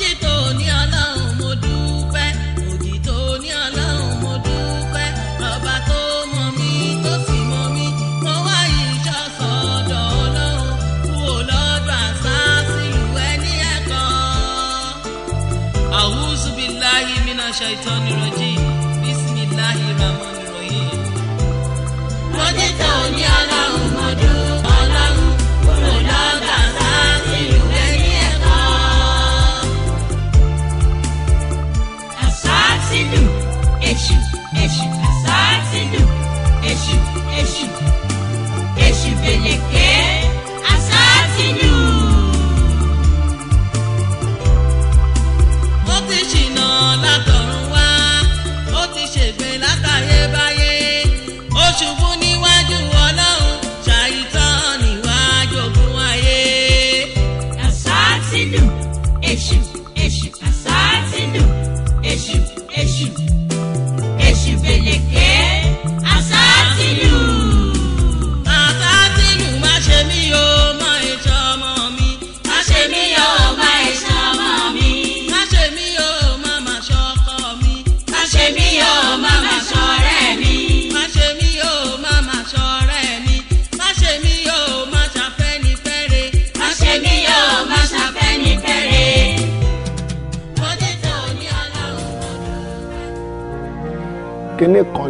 Quieto.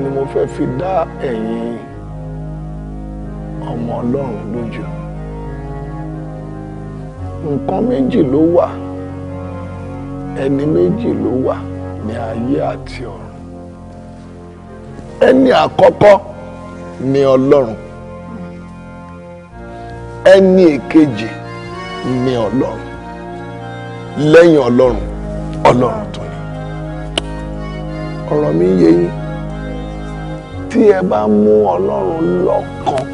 ni mo fẹ́ fi dá ẹ̀yin ọmọ ọlọ́run lójú nǹkan méjì ló wà ẹni méjì ló wà ní ayé àti ọ̀run ẹni àkọ́kọ́ ni ọlọ́run ẹni èkejì ni ọlọ́run lẹ́yìn ọlọ́run ọlọ́run tó ní ọ̀rọ̀ mi yé yín tí ẹ bá mú ọlọ́run lọ́kàn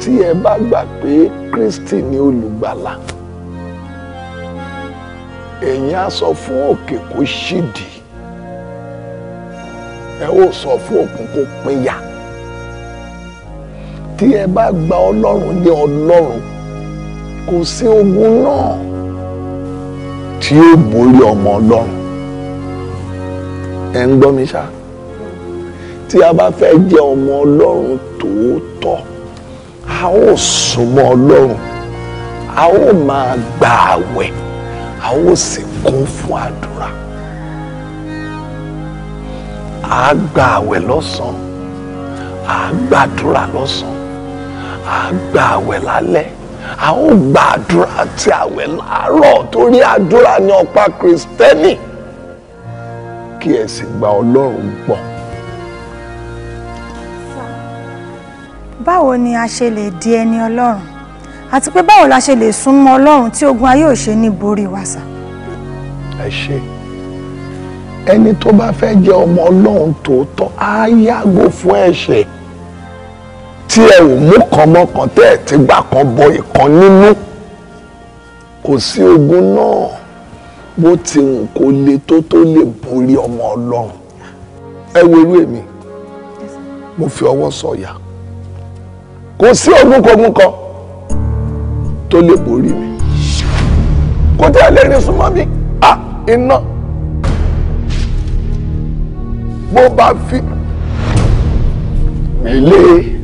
tí ẹ bá gbà pé Kristi ni olùgbàlà ẹ̀yin á sọ fún òkè kó ṣídìí ẹ ó sọ fún òkun kó pínyà tí ẹ bá gba ọlọ́run ní ọlọ́run kò sí ogun náà tí ó borí ọmọ ọlọ́run ẹ ń gbọ́ mi ṣáà tí a bá fẹ́ jẹ́ ọmọ ọlọ́run tòótọ́ a ó súnmọ́ ọlọ́run a ó máa gba àwẹ̀ a ó sì kún fún àdúrà a gba àwẹ̀ lọ́sàn a gbàdúrà lọ́sàn-án a gba àwẹ̀ lálẹ́ a ó gbàdúrà àti àwẹ̀ láàárọ̀ torí àdúrà ni ọ̀pá kristẹni kí ẹ sì gba ọlọ́run gbọ́. báwo ni a ṣe lè di ẹni ọlọ́run àti pé báwo la ṣe lè súnmọ́ ọlọ́run tí ogun ayé ò ṣe ní borí wa sà. ẹ ṣe ẹni tó bá fẹ́ jẹ́ ọmọ ọlọ́run tòótọ́ á yàgò fún ẹ̀ṣẹ̀ tí ẹ ò mú kan mọ́kàn tẹ́ ẹ ti gbà kan bọ ìkan nínú kò sí ogun náà bó ti wù kó le tó tó lè borí ọmọ ọlọ́run ẹ wo irú èmi mo fi ọwọ́ sọ̀yà. So kò sí ogunkogun kan tó lè borí mi kò tí a lè rìn súnmọ́ mi iná bó bá fi mi lé e.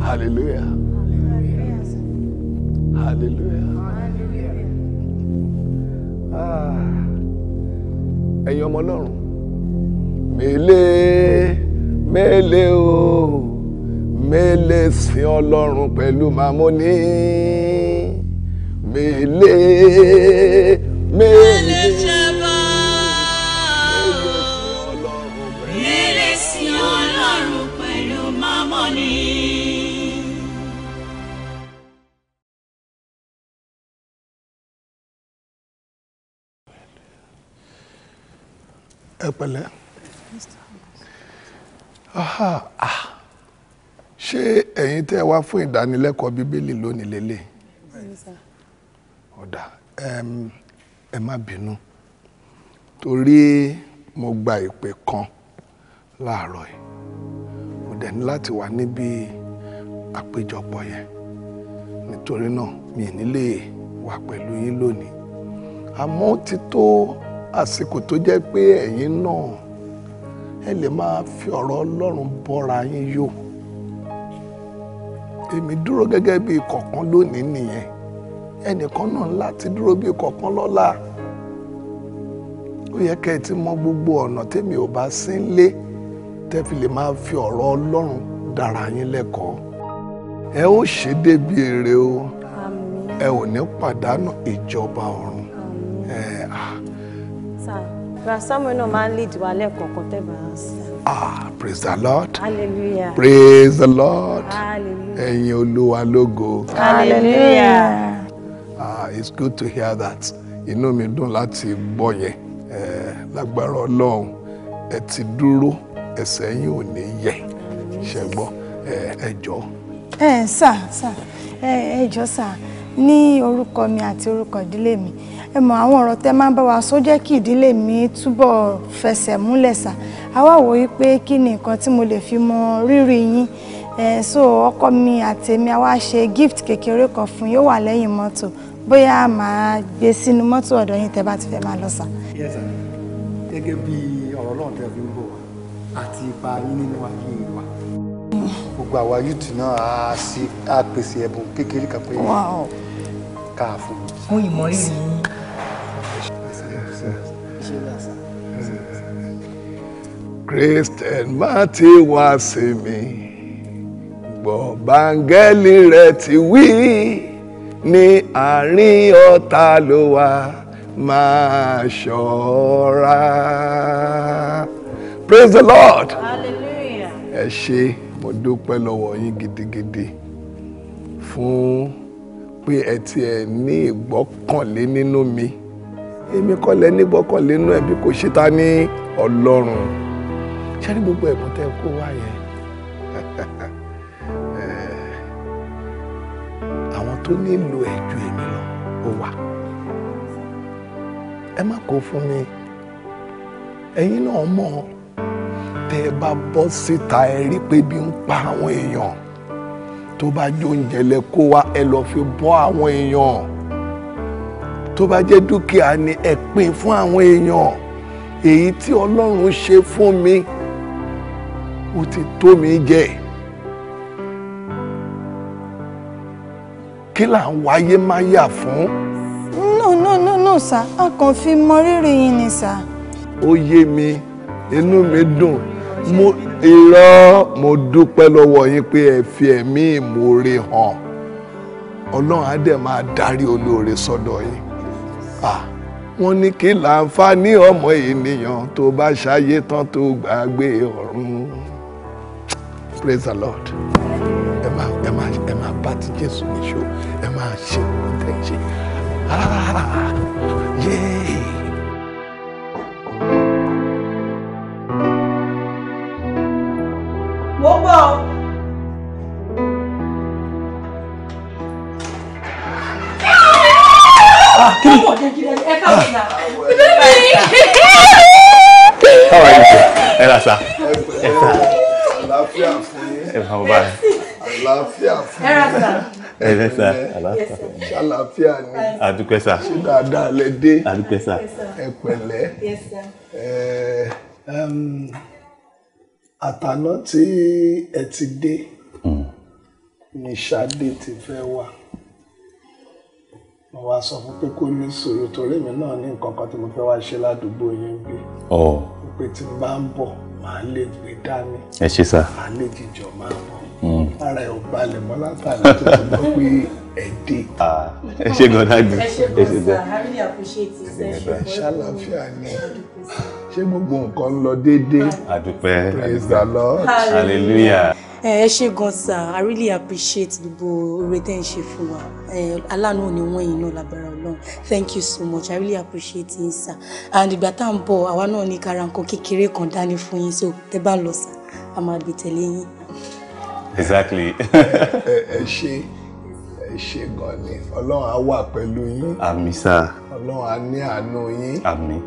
Hallelujah. Hallelujah. Ah. Ẹ̀yin ọmọ Ọlọ́run, mélèé mele o, mélèé sin Ọlọ́run pẹ̀lú màmúní. Mélèé mélèé. ẹ pẹ̀lẹ́ ah. ṣé ẹ̀yin tẹ́ wá fún ìdánilẹ́kọ̀ọ́ bíbélì lónìí lélẹ̀ ọ̀dà ẹ má bínú torí mo gba ìpè kan láàárọ̀ yìí mo dẹ̀ ní láti wà níbi àpéjọpọ̀ yẹn nítorí náà mi ò ní lè wà pẹ̀lú yín lónìí àmọ́ ó ti tó àsìkò tó jẹ́ pé ẹ̀yin náà ẹ lè máa fi ọ̀rọ̀ Ọlọ́run bọ́ra yín yó èmi dúró gẹ́gẹ́ bí kọ̀ọ̀kan lónìí nìyẹn ẹnìkan náà láti dúró bí kọ̀ọ̀kan lọ́la ó yẹ kẹ́ ẹ ti mọ gbogbo ọ̀nà tẹ́mi ò bá sí lé tẹ́ lè máa fi ọ̀rọ̀ Ọlọ́run dára yín lẹ́kọ̀ọ́ ẹ ó ṣe débi èrè o ẹ ò ní pàdánù ìjọba ọ̀run. Ah, praise the Lord. Hallelujah. Praise the Lord. Hallelujah. Hallelujah. Ah, it's good to hear that. You know Inú mi dùn láti gbọ́ yẹn. Eh, lágbára Ọlọ́run, ẹ ti dúró, ẹsẹ̀ yín ò ní ye. Ṣé gbọ́? Eh, ẹ jọ. Eh, ẹ sir, sà ẹ jọ sà ní orúkọ mi àti orúkọ ìdílé mi ẹ mọ̀ àwọn ọ̀rọ̀ tẹ́ máa ń bá wa sọ jẹ́ kí ìdílé mi túbọ̀ fẹsẹ̀ múlẹ̀ sà á wò ó pé kí ni nǹkan tí mo lè fi mọ rírì yín so ọkọ mi àtèmi àwa ṣe gift kékeré kan fún yóò wà lẹ́yìn mọ́tò bóyá màá gbé sínú mọ́tò ọ̀dọ̀ yín tẹ́ bá ti fẹ́ máa lọ sà. yes sir gẹ́gẹ́ bí ọ̀rọ̀ náà tẹ́ fi ń bọ̀ wá àti ipa yín nínú ayé wa gbogbo àwa yúùtù náà á pèsè ẹ̀bùn kékeré kan pé káà fún un. fún ìmọ̀rírì yín. Christ má ti wá sí mi gbọ́ báńgẹ́lì rẹ̀ ti wí ní àárín ọ̀tá ló wà máa ṣọ́ra. Praise the Lord. Hallelujah. ẹ ṣé mo dúpẹ́ lọ́wọ́ yín gidigidi fún pé ẹ tiẹ̀ ní ìgbọ́kànlé nínú mi èmi kọ́ lẹ nígbọ́kànlé nínú ẹ̀ bí kò ṣe ta ní Ọlọ́run ṣé ní gbogbo ẹ̀bùn tẹ́ kó wá yẹn eh, àwọn tó nílò ẹ̀ ju èmi lọ ó wà ẹ má kó fún mi ẹ̀yin náà mọ̀ tẹ́ ẹ bá bọ́ síta ẹ rí pé bí ń pa àwọn èèyàn tó bá jó oúnjẹ lẹ kó wá ẹ lọ fi bọ́ àwọn èèyàn tó bá jẹ́ dúkìá ni ẹ pín fún àwọn èèyàn èyí tí Ọlọ́run ṣe fún mi ó ti tó mi jẹ kí là ń wáyé má yà fún. no no no no sir a kàn fi mọ rírì yín ni sir. ó yé mi inú mi dùn mo irọ́ mo dúpẹ́ lọ́wọ́ yín pé ẹ fi ẹ̀mí ìmoore hàn ọlọ́run á dẹ̀ máa darí olóore sọ́dọ̀ yín wọ́n ní kí láǹfààní ọmọ ènìyàn tó bá ṣayé tán tó gbàgbé ọ̀run praise the lord ẹ máa ẹ máa ẹ máa bá ti jésù níṣó ẹ máa ṣe ohun tẹ̀ ẹ̀rẹ́ sà ṣàlàfíà ni àdúpẹ́ sà ṣé dáadáa lẹ dé àdúpẹ́ sà ẹ pẹ̀lẹ́ àtàná tí ẹ ti dé hmm. ni Ṣadé ti fẹ́ wà mo wá sọ fún pé kó ní sòrò torí mi náà ní nǹkan kan tí mo fẹ́ wá ṣe ládùúgbò yín gbé pé tí n bá ń bọ̀ màá lè gbé dání ẹ ṣe sà màá lè jíjọ máa bọ̀. Hmm ara ẹ̀ ò balẹ̀ mọ́ látàrí tó ti pé ẹ̀ dé. ẹ ṣe gan dágbé ẹ ṣe gan sir I really appreciate it. ṣàlàfíà ni ṣé gbogbo nǹkan lọ déédéé. àdúpẹ́ praise the lord ẹ ṣe gan sir I really appreciate gbogbo oore tẹ́ ń ṣe fún wa aláàánú ni wọ́n yìí náà lágbára ọlọ́run thank you so much I really appreciate it sir and ìgbà tá à ń bọ̀ àwa náà ní kára nǹkan kékeré kan dání fún yín so tẹ́ bá ń lọ sir a máa gbé tẹ̀lé yín exactly. ẹ ṣe ẹ ṣe gan ni ọlọ́run á wà pẹ̀lú yín. àmín sá. ọlọ́run á ní àánú yín. àmín.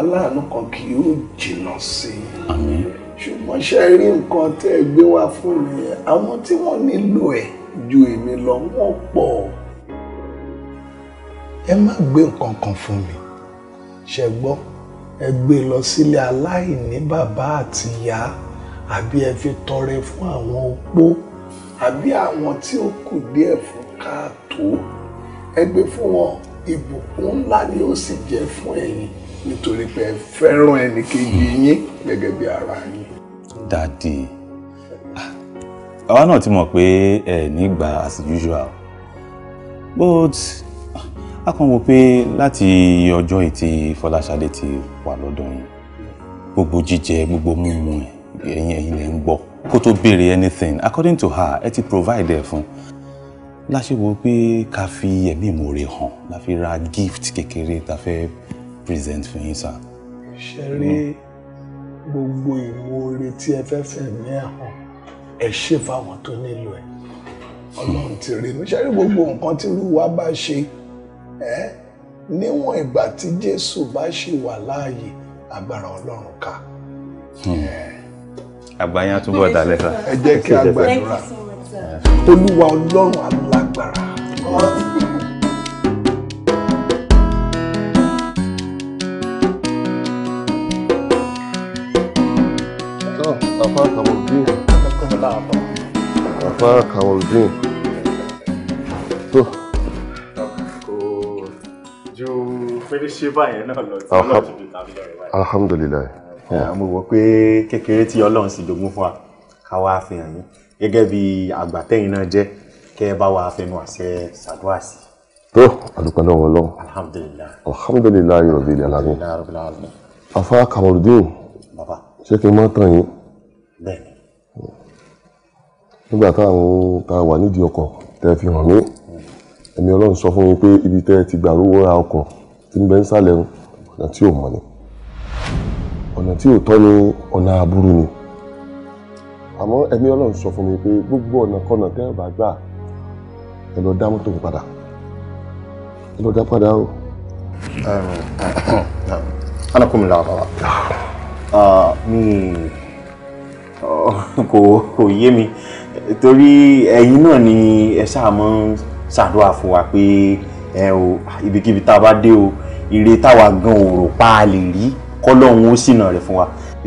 aláàánú kan kì yóò jìnnà sí i. àmín. ṣùgbọ́n ṣe rí nǹkan tẹ́ ẹ gbé wá fún mi àwọn tí wọ́n nílò ẹ̀ ju èmi lọ wọ́n pọ̀ ẹ má gbé nǹkan kan fún mi ṣe gbọ́ ẹ gbé lọ sílé aláìní bàbá àti ìyá àbí ẹ fi tọrẹ fún àwọn opó àbí àwọn tí ó kù díẹ̀ fún káàtó ẹ gbé fún wọn ìbùkún ńlá ni ó sì jẹ́ fún ẹ̀yin nítorí pé ẹ fẹ́ràn ẹnìkejì yín gẹ́gẹ́ bí ara yín. dadi ah, àwa náà ti mọ̀ pé ẹ ní gbà as usual but ah, a kàn wò pé láti ọjọ́ ìtì Fọláṣadé ti wà lọ́dọ̀ yín gbogbo jíjẹ gbogbo mímu ẹ̀ ẹ̀yin ẹ̀yin lẹ ń gbọ́ kó tó béèrè anything according to her ẹ ti provide ẹ fún láṣẹwò pé ká fi ẹ̀mí ìmoore hàn la fi ra gift kékeré ta fẹ́ present fún yín sir. ṣe rí gbogbo ìmoore tí ẹ fẹ́ fẹ̀mí ẹ̀ hàn ẹ ṣe fáwọn tó nílò ẹ̀ ọlọ́run ti rí mi ṣe rí gbogbo nǹkan tí olúwa bá ṣe ẹ́ níwọ̀n ìgbà tí jésù bá ṣì wà láàyè agbára ọlọ́run ká. Hmm. ẹ̀ àgbáyán túbọ̀ dalẹ̀ sá. ẹ jẹ́ kí a gbàdúrà olúwa ọlọ́run alágbára. Afa Kamaldin. Afa Kamaldin. Tó. Kò ju fèrèsé báyẹn náà lọ sí ọlọ́ọ̀tún bíi tàbí ọ̀rẹ́ báyìí. Alhamdulilayi mo wò pé kékeré tí ọlọ́run sì jogún fún wa ká wá fi hàn yín gẹ́gẹ́ bí àgbàtẹ́yìn náà jẹ́ kẹ́ ẹ bá wa fẹnu àṣẹ ṣàdúrà sí. tó àdúpẹ́ lọ́wọ́ lọ́wọ́ alhamdulilayi alhamdulilayi rabbil alamin afa kamarudin ṣé kí n má tàn yín nígbà táwọn ta wà nídìí ọkọ̀ tẹ́ fi hàn mí ẹ̀mí ọlọ́run sọ fún mi pé ibi tẹ́ ti gbà rówó ra ọkọ̀ tí ń bẹ ń sálẹ̀ ń tí ò mọ̀ ni ọ̀nà tí ò tọ́ ni ọ̀nà aburú ni àmọ́ ẹ̀mí ọlọ́run sọ fún mi pé gbogbo ọ̀nà kọ́nà tẹ́ ẹ̀ bá gbà ẹ lọ dá mọ́tò padà ẹ lọ dá padà o. anakunmi la baba ah, mi oh, kò kò yé mi torí ẹ̀yin náà ni ẹ ṣáà mọ́ ṣàdúrà fún wa pé ẹ o ibikíbi tá a bá dé o ire táwa gan òrò pa á lè rí kọ́lọ́hún ó ṣìnà rẹ̀ fún wa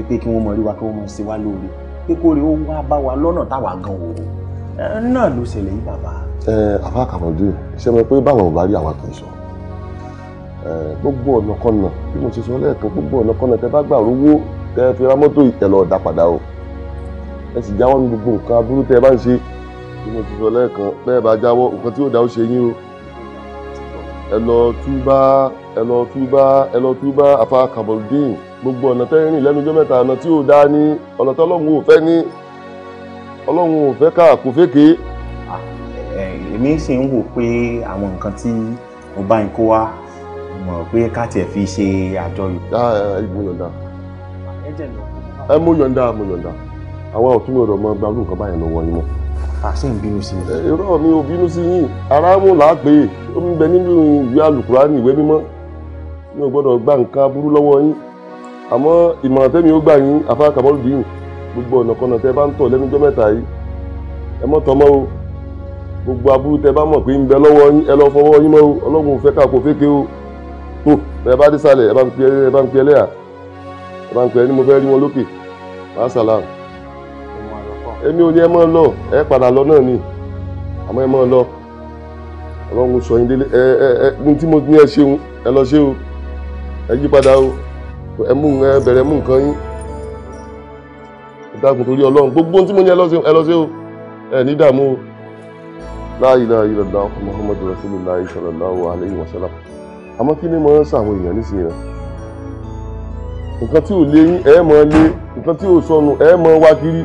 pé kí wọ́n mọ rí wa kí wọ́n mọ ṣe wá lóore pé kóore ó wá bá wa lọ́nà táwa gan wò ó náà ló ṣẹlẹ̀ yìí bàbá. ẹ afa kàmọdé ṣe mọ̀ pé báwọn ò bá rí àwọn kì í sọ gbogbo ọ̀nà kọ́nà bí mo ṣe sọ lẹ́ẹ̀kan gbogbo ọ̀nà kọ́nà tẹ bá gbà rówó tẹ fi ra mọ́tò ìtẹ̀lọ̀ ọ̀dà padà o ẹ sì jáwọ́ ní gbogbo nǹkan aburú tẹ bá ń ṣe bí mo ṣe sọ lẹ́ẹ̀kan bẹ́ẹ̀ bá jáwọ́ nǹkan tí yóò dá ó ṣe yín o ẹ lọ túbá afa kamaldin gbogbo ọ̀nà tẹ́ rìn lẹ́nu ọjọ́ mẹ́ta ọ̀nà tí ò dá ní ọ̀nà tí ọlọ́run ò fẹ́ ní ọlọ́run ò ah, èmi sì ń wò pé àwọn nǹkan tí mo bá kó wa mọ̀ pé ká tiẹ̀ fi ṣe àjọyọ̀. mo ah, mo ah, yọ̀ǹda àwọn ọ̀tún mi nǹkan báyìí lọ́wọ́ àṣẹ ń bínú sí mi. irọ́ mi ò bínú sí yín aráàmù làápè ó ń bẹ nínú ìwé àlùkùránì ìwé mímọ́ mi ò gbọ́dọ̀ gba nǹkan aburú lọ́wọ́ yín àmọ́ ìmọ̀ràn tẹ́mi ó gbà yín afáàkàbọ́lù dìín gbogbo ọ̀nà kọ́nà tẹ́ bá ń tọ̀ lẹ́nu jọ́ mẹ́ta yìí ẹ mọ́ tọmọ́ o gbogbo aburú tẹ́ bá mọ̀ pé ń bẹ lọ́wọ́ yín ẹ lọ fọwọ́ yín mọ́ o ọlọ́run ò fẹ́ ká kó féke èmi ò ní ẹ máa lọ ẹ padà lọ náà ni àmọ́ ẹ máa lọ ọlọ́run sọ yín délé ẹ ẹ ẹ ní tí mo ní ẹ ṣeun ẹ lọ ṣe o ẹ yí padà o ẹ mú ẹ bẹ̀rẹ̀ mú nǹkan yín ẹ dákun torí ọlọ́run gbogbo ohun tí mo ní ẹ lọ ṣe ẹ lọ ṣe o ẹ ní dààmú o láàyè láàyè lọ́dà muhammadu rasulillah sallallahu alayhi wa sallam àmọ́ kí ni mo ń sàwọn èèyàn nísìnyí náà nǹkan tí ò lé yín ẹ máa lé nǹkan tí ò sọnù ẹ máa wá kiri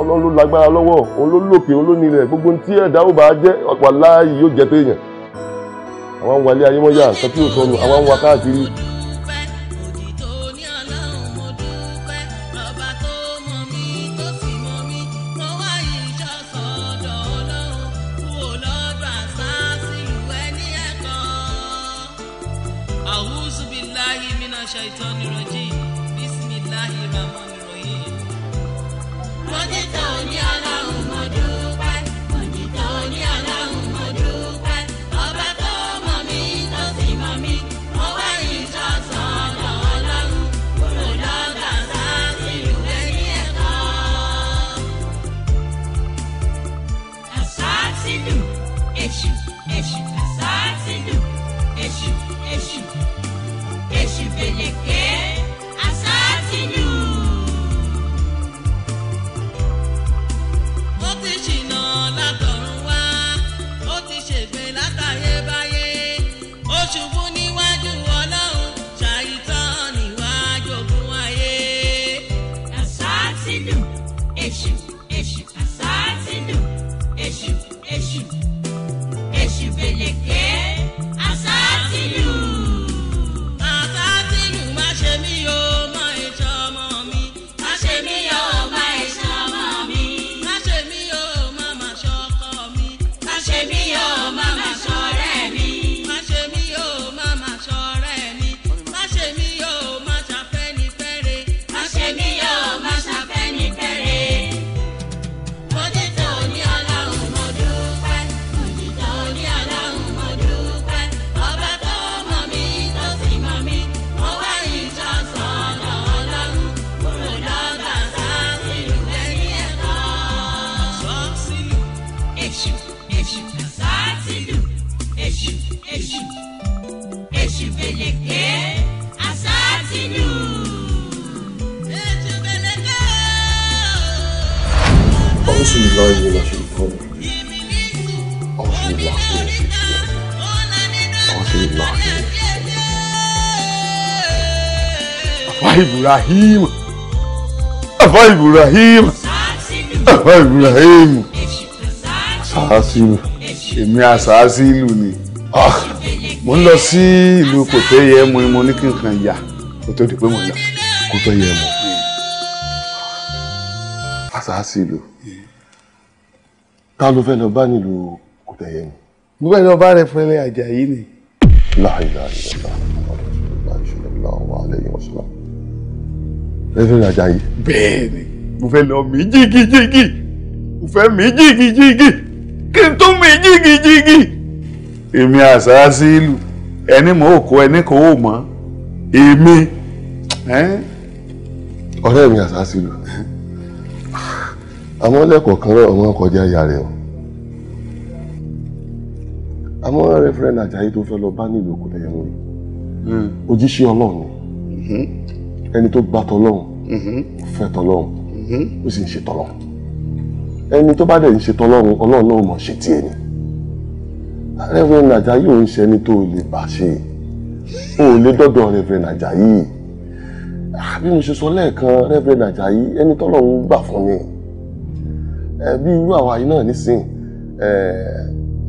ọlọ́run ló lágbára lọ́wọ́ òun ló lòkè òun ló nílẹ̀ gbogbo tí ẹ̀dá ò bá jẹ́ wàláhì yóò jẹ́ téèyàn àwọn ń walé ayé mọ́yà nǹkan tí ò sọnù àwọn ń káàkiri èṣù sátìlù èṣù èṣù èṣù bèlèké àsátìlù. èṣù bèlèké. ọ̀sùn ìlà yìí la ṣe fún mi ọ̀sùn ìlà yìí la ṣe fún Ibrahim Àfà Ibrahim Àfà Ibrahim. Asilu èmi àṣàásí Asilu ni ah, mo ń lọ sí ìlú kòtẹ́yẹmú mo ní kí n kàn yà kó tó di pé mo yà kòtẹ́yẹmú hmm. àṣàásí ìlú hmm. ta ló fẹ́ lọ bá nílùú kòtẹ́yẹmú. mo fẹ́ lọ bá rẹ fẹ́lẹ́ Àjàyí ni. láìláìlá láìláìlá àlẹ́yìn ọ̀sán lẹ́fẹ̀ẹ́ Àjàyí. bẹ́ẹ̀ ni mo fẹ́ lọ mí jígíjígí mo fẹ́ mí jígíjígí kí n tó mi jìgìjìgì èmi àṣàṣì ìlú ẹni mọ̀ òkú ẹni kò ó mọ̀ èmi. ọ̀rẹ́ mi àṣàṣì ìlú àmọ́ lẹ́kọ̀ọ̀kan náà ọmọ kọjá ìyá rẹ̀ o àmọ́ rẹ́fúrẹ́ǹdì Àjàyí tó fẹ́ lọ bá nílùú kò tẹ̀yẹ̀ mọ́ yìí ojúṣe ọlọ́run hmm. ẹni tó gbà tọ́lọ́run hmm. fẹ́ tọ́lọ́run hmm. ó sì ń ṣe tọ́lọ́run ẹni tó bá dẹ̀ ń ṣe tọ́lọ́run ọlọ́run náà mọ̀ ṣe tiẹ̀ ni Reverend Ajayi ò ń ṣe ẹni tó lè bá ṣe o ò lè dọ́dọ̀ Reverend Ajayi ah, bí mo ṣe sọ lẹ́ẹ̀kan Reverend Ajayi ẹni tọ́lọ́run gbà fún ni bí irú àwa yìí náà nísìn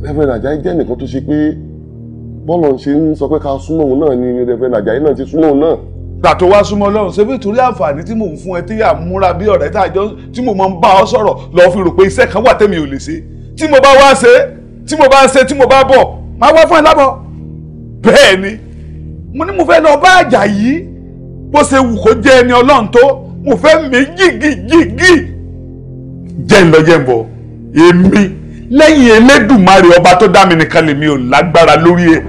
Reverend Ajayi jẹ́ nìkan tó ṣe pé bọ́ọ̀lù ṣe ń sọ pé ká súnmọ́ òun náà ni Reverend Ajayi náà ti súnmọ́ òun náà gbà tó wá súnmọ́ Ọlọ́run ṣe bí torí àǹfààní tí mò ń fún ẹ tí à ń múra bí ọ̀rẹ́ tá a jọ tí mo máa ń bá ọ sọ̀rọ̀ lọ́ọ́ fi rò pé iṣẹ́ kan wà tẹ́mi ò lè ṣe tí mo bá wá ṣe tí mo bá ń ṣe tí mo bá bọ̀ máa wá fún ẹ lábọ̀ bẹ́ẹ̀ ni mo ní mo fẹ́ lọ bá àjà yìí bó ṣe wù kó jẹ́ ẹni Ọlọ́run tó mo fẹ́ mí gígígígí jẹ́ ń lọ jẹ́ ń bọ̀ èmi lẹ́yìn Elédùmarè ọba tó dá mi nìkan lèmi ò lágbára lórí ẹ̀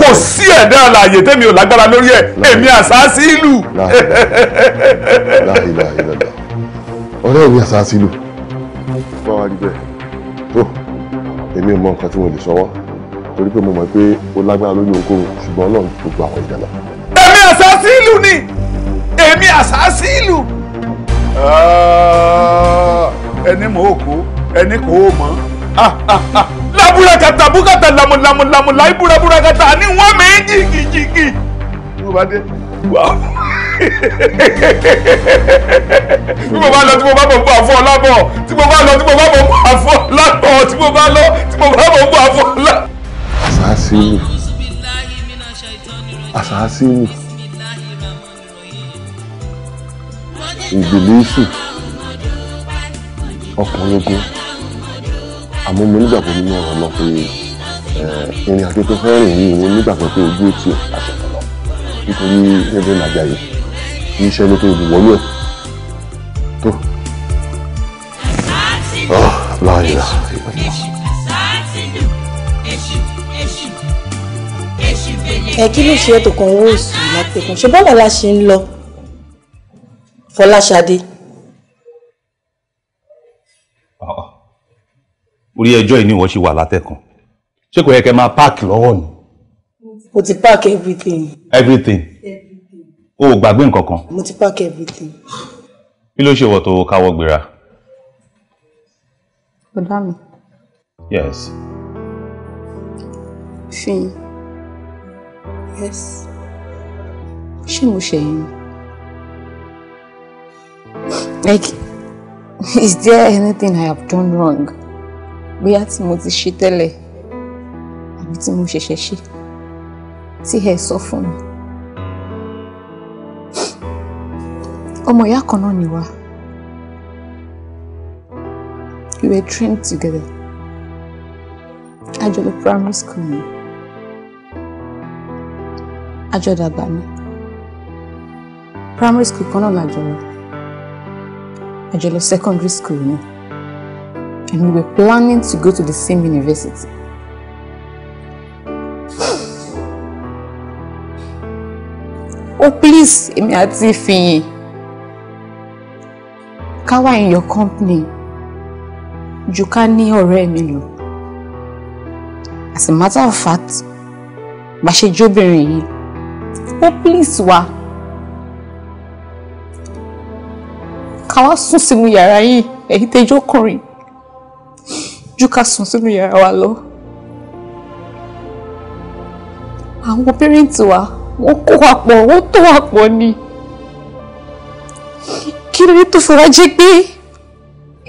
kò sí ẹ̀dá àlàyé tẹ́mi ò lágbára lórí ẹ̀ èmi àṣàṣì ìlú. ọ̀rẹ́ mi àṣàṣì ìlú. bá wa rí bẹ́ẹ̀. tó èmi ò mọ nǹkan tí mo lè sọwọ́ torí pé mo mọ̀ pé ó lágbára lórí ohunkóhun ṣùgbọ́n ọlọ́run gbogbo àwọn ìdáná. èmi àṣàṣì ìlú ni èmi àṣàṣì ìlú. ẹni mọ̀ ó kó ẹni kò ó mọ̀ ah ah ah kata burakata bukata lamulamulamula ibura burakata ni wọn mẹ jigijigi. mo bá dé wá. bí mo bá lọ tí mo bá bọ̀ bọ̀ àfọ̀ lábọ̀ tí mo bá lọ tí mo bá bọ̀ bọ̀ àfọ̀ lábọ̀ tí mo bá lọ tí mo bá bọ̀ bọ̀ àfọ̀ lábọ̀. asasiru asasiru ìbílísù ọkùnrin ogun àmọ́ mo nígbàgbọ́ nínú ọ̀rọ̀ náà pé eh, ìrìn àjò tó fẹ́ rìn yìí mo nígbàgbọ́ pé ojú ètí ẹ̀ láti ọ̀nà nítorí ẹgbẹ́ nàjà yìí kì í ṣe ẹni tó wọlé ẹ̀ tó. Ah, láàyè ẹ kí ló ṣe ẹ tó kàn owó oṣù látẹkùn ṣe bọ́ọ̀lù la ṣe ń lọ Fọláṣadé. orí ẹjọ́ yìí ni wọ́n ṣe wà látẹ̀kàn ṣé kò yẹ kẹ́ máa páàkì lọ́wọ́ ni. mo ti páàkì everything. everything. o ò gbàgbé nǹkan kan. mo ti páàkì everything. kí ló ṣe wọ̀ tó káwọ́ gbéra. bàbá mi. yes. fín. yes. ṣé mo ṣe yín. like is there anything I have done wrong bóyá tí mo ti ṣe tẹ́lẹ̀ àbí tí mo ṣẹ̀ṣẹ̀ ṣe tí ẹ sọ fún mi. ọmọ ìyá kan náà ni wá we were trained together àjọ primary school ni àjọ dàgbà ni primary school kan náà làjọ lọ àjọ secondary school ni and we were planning to go to the same university. oh please Emiati, àti Ìfìyìn in your company ju ká ní ọ̀rẹ́ as a matter of fact bá ṣe jóbìnrin yìí ó oh, please wa ká wá sùn sínú yàrá yìí èyí ju ká sùn sínú yàrá wa lọ. àwọn pẹ́rẹ́ǹtì wa wọ́n kó wa pọ̀ wọ́n tó wa pọ̀ ni. kí ló dé tó fọwọ́ jẹ́ pé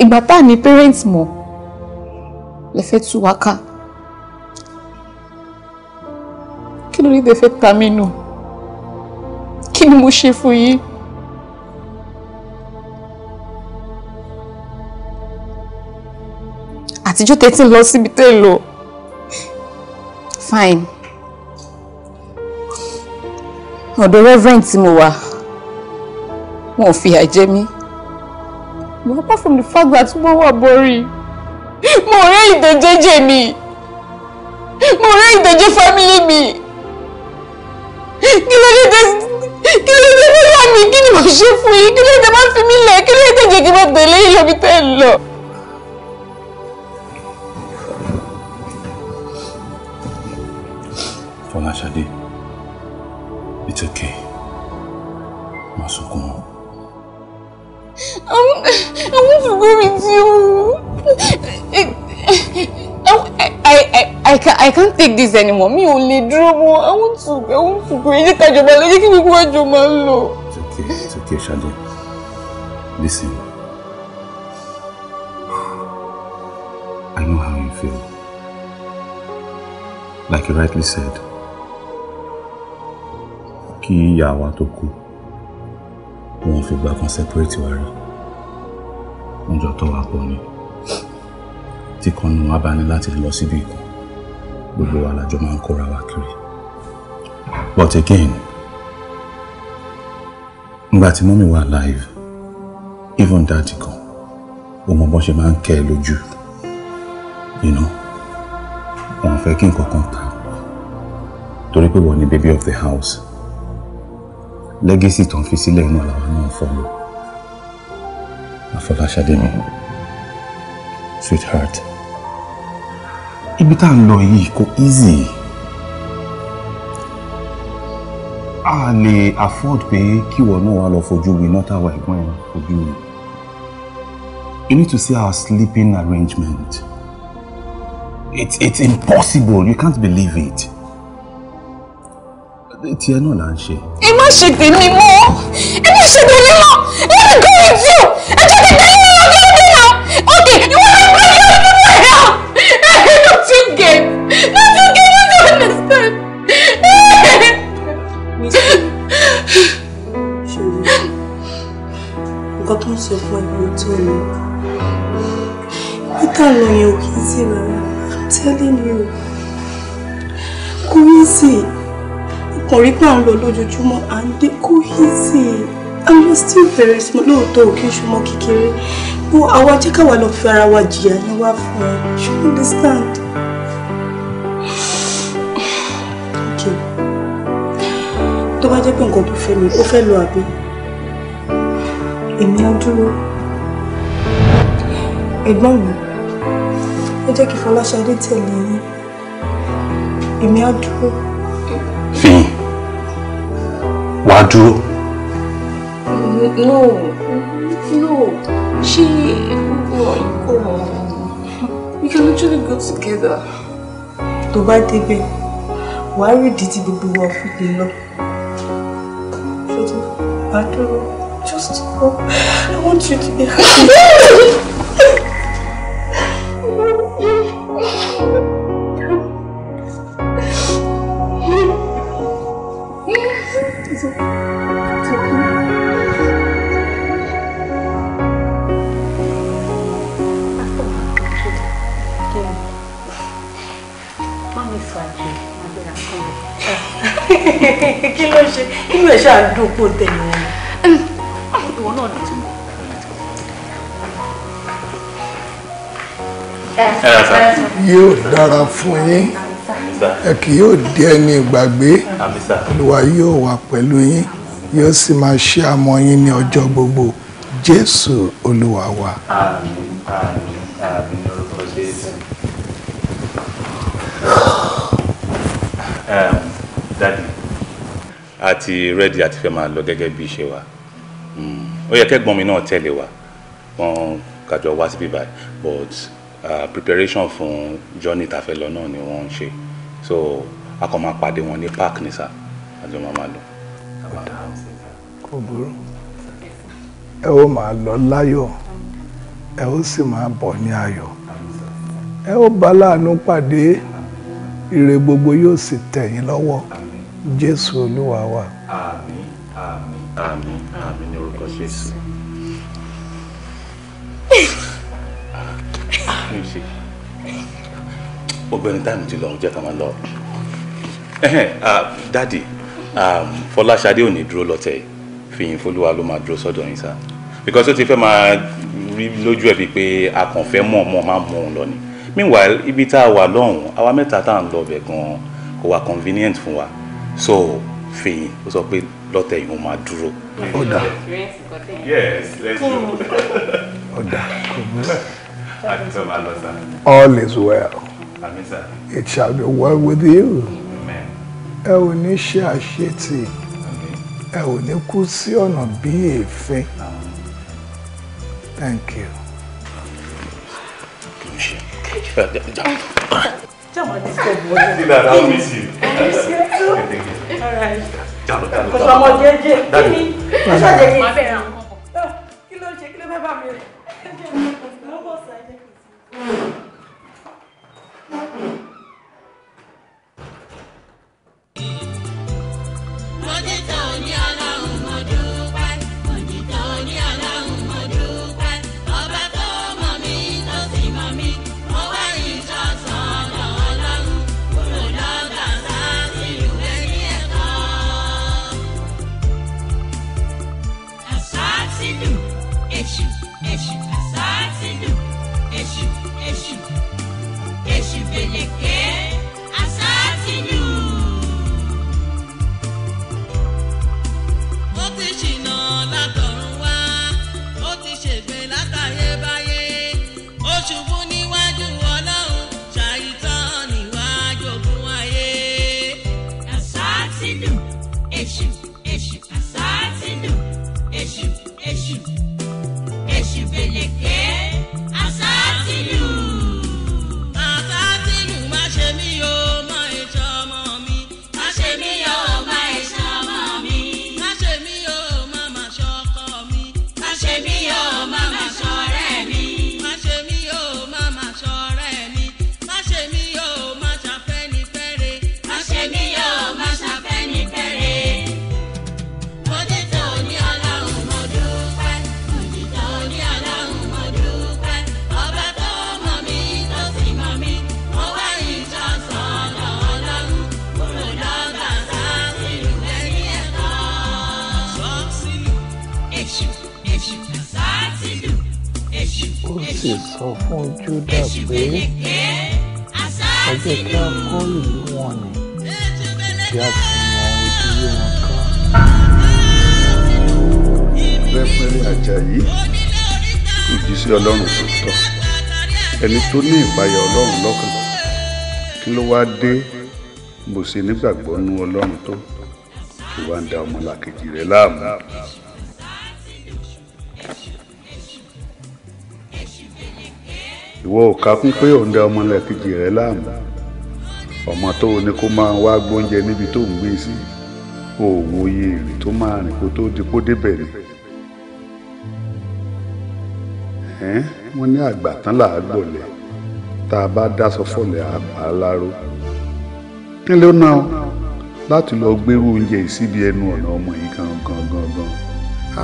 ìgbà tá à ní pẹ́rẹ́ǹtì mọ̀ lè fẹ́ tú wa ká. kí ló dé tẹ́ fẹ́ ta mí nù kí ni mo ṣe fún yín. àtijọ́ tẹ́tí lọ síbi tẹ́ lọ fine ọ̀dọ̀ reverend tí mo wà wọn ò fìyà jẹ mí but apart from the fact that mo wà borí mo rẹ́ ìdẹ́jẹ́jẹ́ mi mo rẹ́ ìdẹ́jẹ́ family mi kí ló dé tẹ́sí kí ló dé lọ́yà mi kí ni mo ṣe fún yín kí ló dé má fi mí lẹ̀ kí ló dé jẹ́ kí n má tẹ̀lé yín lọ́bi tẹ́ ń lọ. Fọláṣadé, it's okay. Má sunkún mọ́. I want to go with you. I, I, I, I, can't, I can't take this anymore. Mi ò lè dúró mọ́. I want to, I want to go. Ẹ jẹ́ ká jọ máa lọ. Ẹ jẹ́ kí gbogbo wa jọ máa lọ. It's okay, it's okay, Ṣadé. Listen. I know how you feel. Like you rightly said, kí ìyá wa tó kú wọn fi gbà kan separate wa rí wọn jọ tọ́ wa pọ̀ ni tí kan nu wa bá ní láti lọ síbi kan gbogbo wa lájọ máa ń kóra wa kiri but again ngbà tí mọ́mí wà live even dáàdì kan ó mọ bọ́n ṣe máa ń kẹ́ ẹ lójú you know wọn fẹ́ kí nǹkan kan ta torí pé wọ́n ní baby of the house lẹ́gẹ́sì tó ń fi sílẹ̀ náà làwọn náà fọ́lọ́ Afọláṣadé mi sweetheart ibi tá à ń lọ yìí kò easy a lè afford pé kíwọ náà wà lọ fojú mi náà táwa ẹ̀gbọ́n ẹ̀ fojú mi you need to see our sleeping arrangement it's it's impossible you can't believe it tiẹ̀ náà là ń ṣe. ẹ má ṣe tèmi mọ́ ẹ má ṣe tèmi mọ́ let me go with you ẹ jẹ́ kí tẹ́lẹ̀ mi lọ́ọ́ gẹ́gẹ́ bí náà ok you wanna break your people now not you get not you get you don't understand. nǹkan tó ń sọ fún ẹgbẹ́ tó ní peter lọ yẹn ò kí n sí rárá i'm telling you kò ní sí kọ̀rí pé à ń lọ lójoojúmọ́ à ń dé kó easy and still very small lóòótọ́ òkè ṣùgbọ́n kékeré bó àwa jẹ́ káwa lọ fi ara wa jìyà ni wá fún ẹ you understand. okay tó bá jẹ́ pé nǹkan tó fẹ́ mi ó fẹ́ lọ àbí èmi á dúró ẹ̀gbọ́n mi ẹ jẹ́ kí Fọláṣadé tẹ̀lé yín èmi á dúró wàá dúró. no no ṣé gbogbo ìkó we can literally go together. tó bá débẹ̀ wàá rí ìdí tí gbogbo wa fi lè lọ. wàá dúró just go I want you to be happy. kí ló ṣe inú ẹ̀ ṣáà ń dùn kó tẹ̀lé wọn. Ah, ìwọ náà dùn tún. yóò dára fún yín ẹ kì yóò di ẹni ìgbàgbé olúwa yóò wà pẹ̀lú yín yóò sì máa ṣe amọ̀ yín ní ọjọ́ gbogbo jésù olúwa wa. àmín dáàdì a ti rẹ́dí àti fẹ́ máa lọ gẹ́gẹ́ bí iṣẹ́ wa hmm, ó yẹ kẹ́gbọ́n mi náà tẹ̀lé wa wọ́n kájọ wá síbí báyìí but uh, preparation fún journey tá a lọ náà ni wọ́n ń ṣe so a kàn máa pàdé wọn ní park ní sá àjọ máa máa lọ. kò burú ẹ ó máa lọ láyọ̀ ẹ ó sì máa bọ̀ ní ayọ̀ ẹ ó bá láàánú pàdé ire gbogbo yóò sì tẹ̀yìn lọ́wọ́. Amen jésù olúwa wa. àmín àmín àmín àmín ní orúkọ jésù. obìnrin táìmù ti lọ jẹ́ ká máa lọ dádì fọláṣadé ò ní dúró lọ́tẹ̀ fìyìn fọlúwa ló máa dúró sọ́dọ̀ yín sá because ó ti fẹ́ máa rí lójú ẹ̀ bíi pé a mọ̀ mọ̀ máa mọ̀ ọ́n lọ ni meanwhile ibi tá a wà lọ́hùn-ún àwa mẹ́ta tá à ń lọ bẹ̀ gan-an kò wà convenient fún wa so fèyìn ó sọ pé lọ́tẹ̀ yìí wọ́n máa dúró. ọ̀dà ọ̀dà all is well it shall be well with you ẹ ò ní ṣe àṣetì ẹ ò ní kú sí ọ̀nà bí èéfín thank you. Don't want to disturb you. Dina, I'll miss you. I miss you too. All right. Jalo, jalo, jalo. Kò sọmọ jẹjẹ. Kí ni? Kò sọ jẹjẹ. Má bẹ̀rẹ̀ àwọn kọ̀ọ̀kan. Exu, Exu. wá dé bó ṣe nígbàgbọ́ nú ọlọ́run tó tó wá ń da ọmọlàkejì rẹ láàmú. ìwọ ò ká kún pé ò ń da ọmọlàkejì rẹ láàmú ọmọ tó o ní kó máa wá gbóúnjẹ níbi tó ń gbé sí òwò iye èrè tó máa rìn kó tó di kó débẹ̀ ni. wọ́n ní àgbà tán là á gbọ̀lẹ̀ tá a bá dáṣọ fọlẹ̀ àpàláró kí ló ná ọ láti lọ gbérú oúnjẹ ìsíbi ẹnu ọ̀nà ọmọ yìí gangan gangan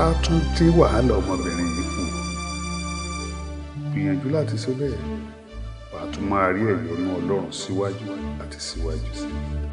á tún tí wàhálà ọmọbìnrin yìí kù gbìyànjú láti ṣe bẹ́ẹ̀ wàá tún máa rí ẹ̀yọ́nú ọlọ́run síwájú àti síwájú sí i.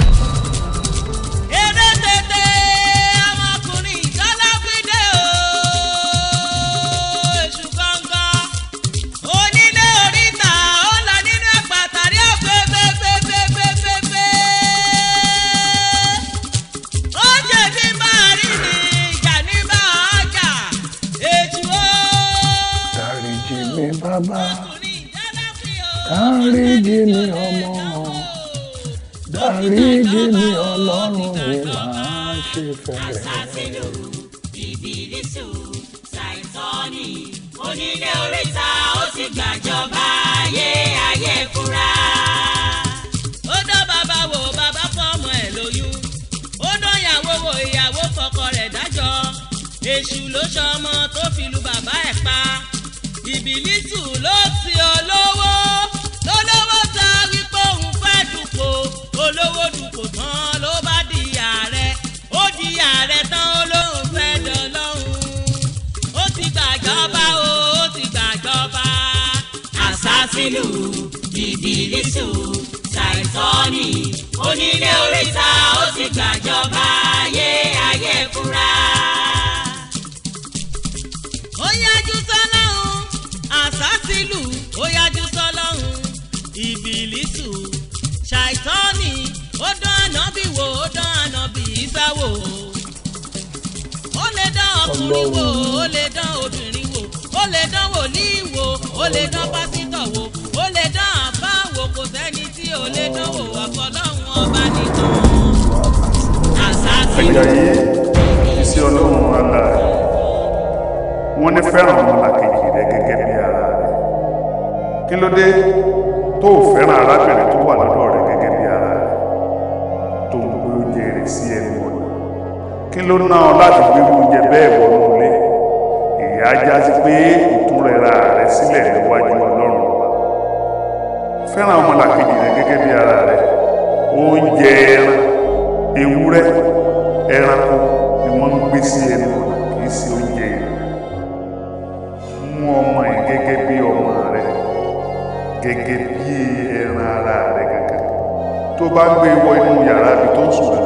tó bá ń gbé wọ inú yàrá ibi tó ń sùn rẹ̀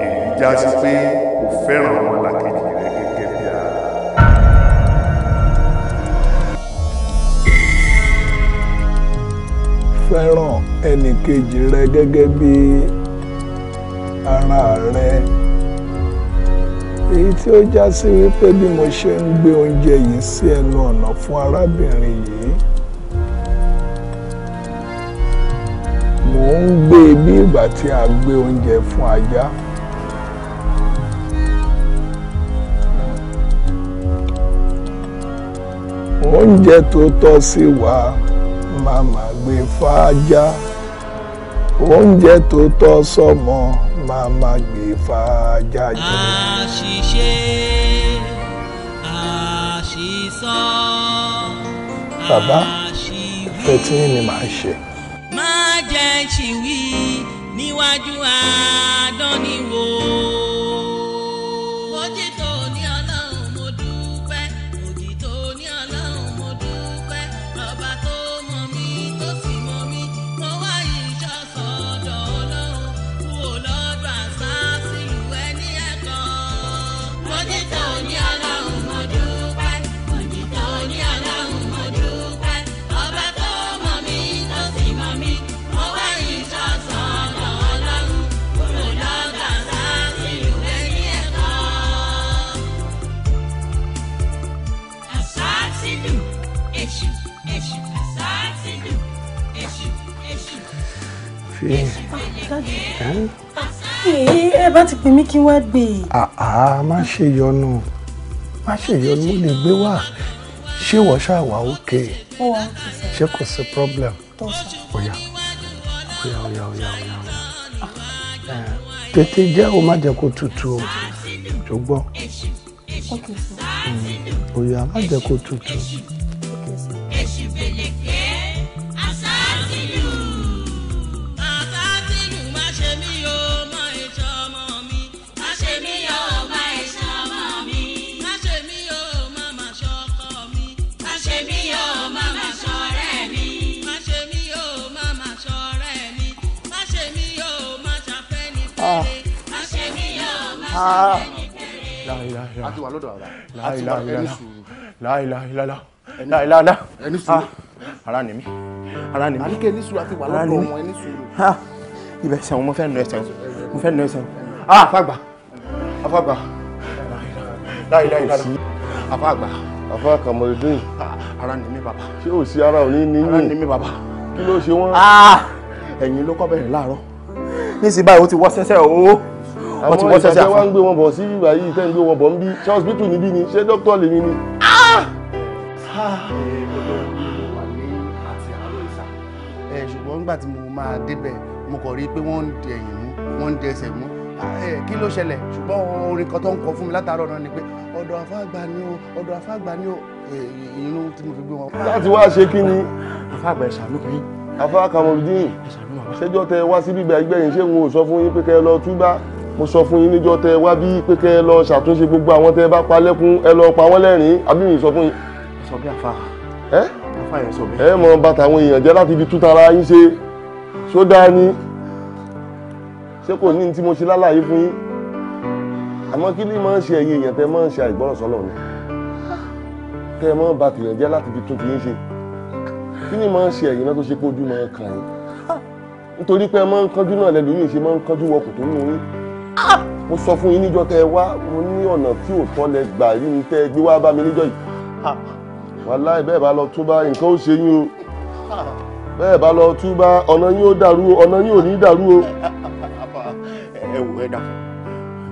èyí já sí pé kò fẹ́ràn ọmọlàkejì rẹ̀ gẹ́gẹ́ bí ara. fẹ́ràn ẹnìkejì rẹ gẹ́gẹ́ bí ara rẹ èyí tí ó já sí wípé bí mo ṣe ń gbé oúnjẹ yìí sí ẹnu ọ̀nà fún arábìnrin yìí bí ìgbà tí a gbé oúnjẹ fún ajá. oúnjẹ tó tọ́ sí wa máa máa gbé fájá oúnjẹ tó tọ́ sọ́mọ máa máa gbé fájá jẹ. àṣìṣe àṣìsọ bàbá ẹ tí ní màá ṣe. má jẹ́ ṣìwí níwájú àádọ́niwò. ẹ bá ti pè mí kí n wá gbé e. àá má ṣe yọnu má ṣe yọnu mo lè gbé wá ṣé wọ́n ṣàwà òkè ṣé kò sí problem oya oya oya oya oya tètè jẹ́ o má jẹ́ kó tutù o jọ̀gbọ́n oya má jẹ́ kó tutù. a ti wà lọ́dọ̀ àrà a ti wà ẹni sùúrù. láìláìláìlá láìláìlá ẹni ah. sùúrù. ara ni mi ara ni mi. àníkẹ́ ẹni sùúrù a ti wà lọ́dọ̀ ọmọ ẹni sùúrù. ibẹ̀ sẹ́wọ̀n mo fẹ́ nù ẹsẹ̀ mo fẹ́ nù ẹsẹ̀ afagba afagba láìláìláìlá afagba. afa kamaludin. ara ni mi bàbá. ṣé o sí ara ò ní ní yín. ara ni mi bàbá. kí ló ṣe wọ́n. Ah. ẹ̀yin ló kọ́ bẹ̀rẹ̀ láàárọ̀ nísìnyí báyìí ó ti wọ́ sẹ́sẹ́ o wọ́n ti wọ́n sẹ́sẹ́ àfọ́. àwọn ìgbàjẹ́ wa ń gbé wọn bọ̀ sí ìgbà yìí tẹ́ ń ah! Ah! ṣùgbọ́n nígbà tí mo máa débẹ̀ mo kàn rí pé wọ́n ń dẹ ẹ̀yìn mú wọ́n ń dẹ ẹsẹ̀ mú ah, kí ló ṣẹlẹ̀ ṣùgbọ́n orin kan tó ń kọ fún mi látàárọ̀ náà ni pé ọ̀dọ̀ àfáàgbà ni o ọ̀dọ̀ àfáàgbà ni o ìyínú tí mo fi gbé wọn. láti wá ṣe kí ni. àfáàgbà ẹ̀ ṣàánú kan yín. ṣẹjọ́ tẹ wá síbí ìgbà yìí ṣé n ò sọ fún yín pé kẹ́ ẹ lọ túbá mo sọ fún yín níjọ́ tẹ wá bí pé kẹ́ ẹ lọ ṣàtúnṣe gbogbo àwọn tẹ bá pa lẹ́kún ẹ lọ pa wọ́n lẹ́rìn-ín àbí mi sọ fún yín. sọ bí àfa. ẹ àfa yẹn sọ bẹ́ẹ̀. ẹ mọ bàtà àwọn èèyàn jẹ láti ibi tú tara yín ṣe ṣó ni ṣé kò ní tí mo ṣe lálàyé fún yín àmọ́ kí ni máa ń ṣe ẹ̀yin èèyàn tẹ máa ń ṣe àìgbọ́rọ̀sọ́lọ̀ kí ni máa ń ṣe ẹ̀yin náà tó ṣe pé ojú máa ń kàn yín nítorí pé ẹ máa ń kánjú náà lẹ́lòmíì ṣe máa ń kánjú wọkùn tó mú yín mo sọ fún yín níjọ́ tẹ ẹ wá mo ní ọ̀nà tí ò tọ́ lẹ gbà rí ni tẹ ẹ gbé wá bá mi níjọ́ yìí wàláì bẹ́ẹ̀ bá lọ tún bá nǹkan ó ṣe yín o bẹ́ẹ̀ bá lọ tún bá ọ̀nà yín ó dàrú o ọ̀nà yín ò ní dàrú o. ẹ wò ẹ dàpọ̀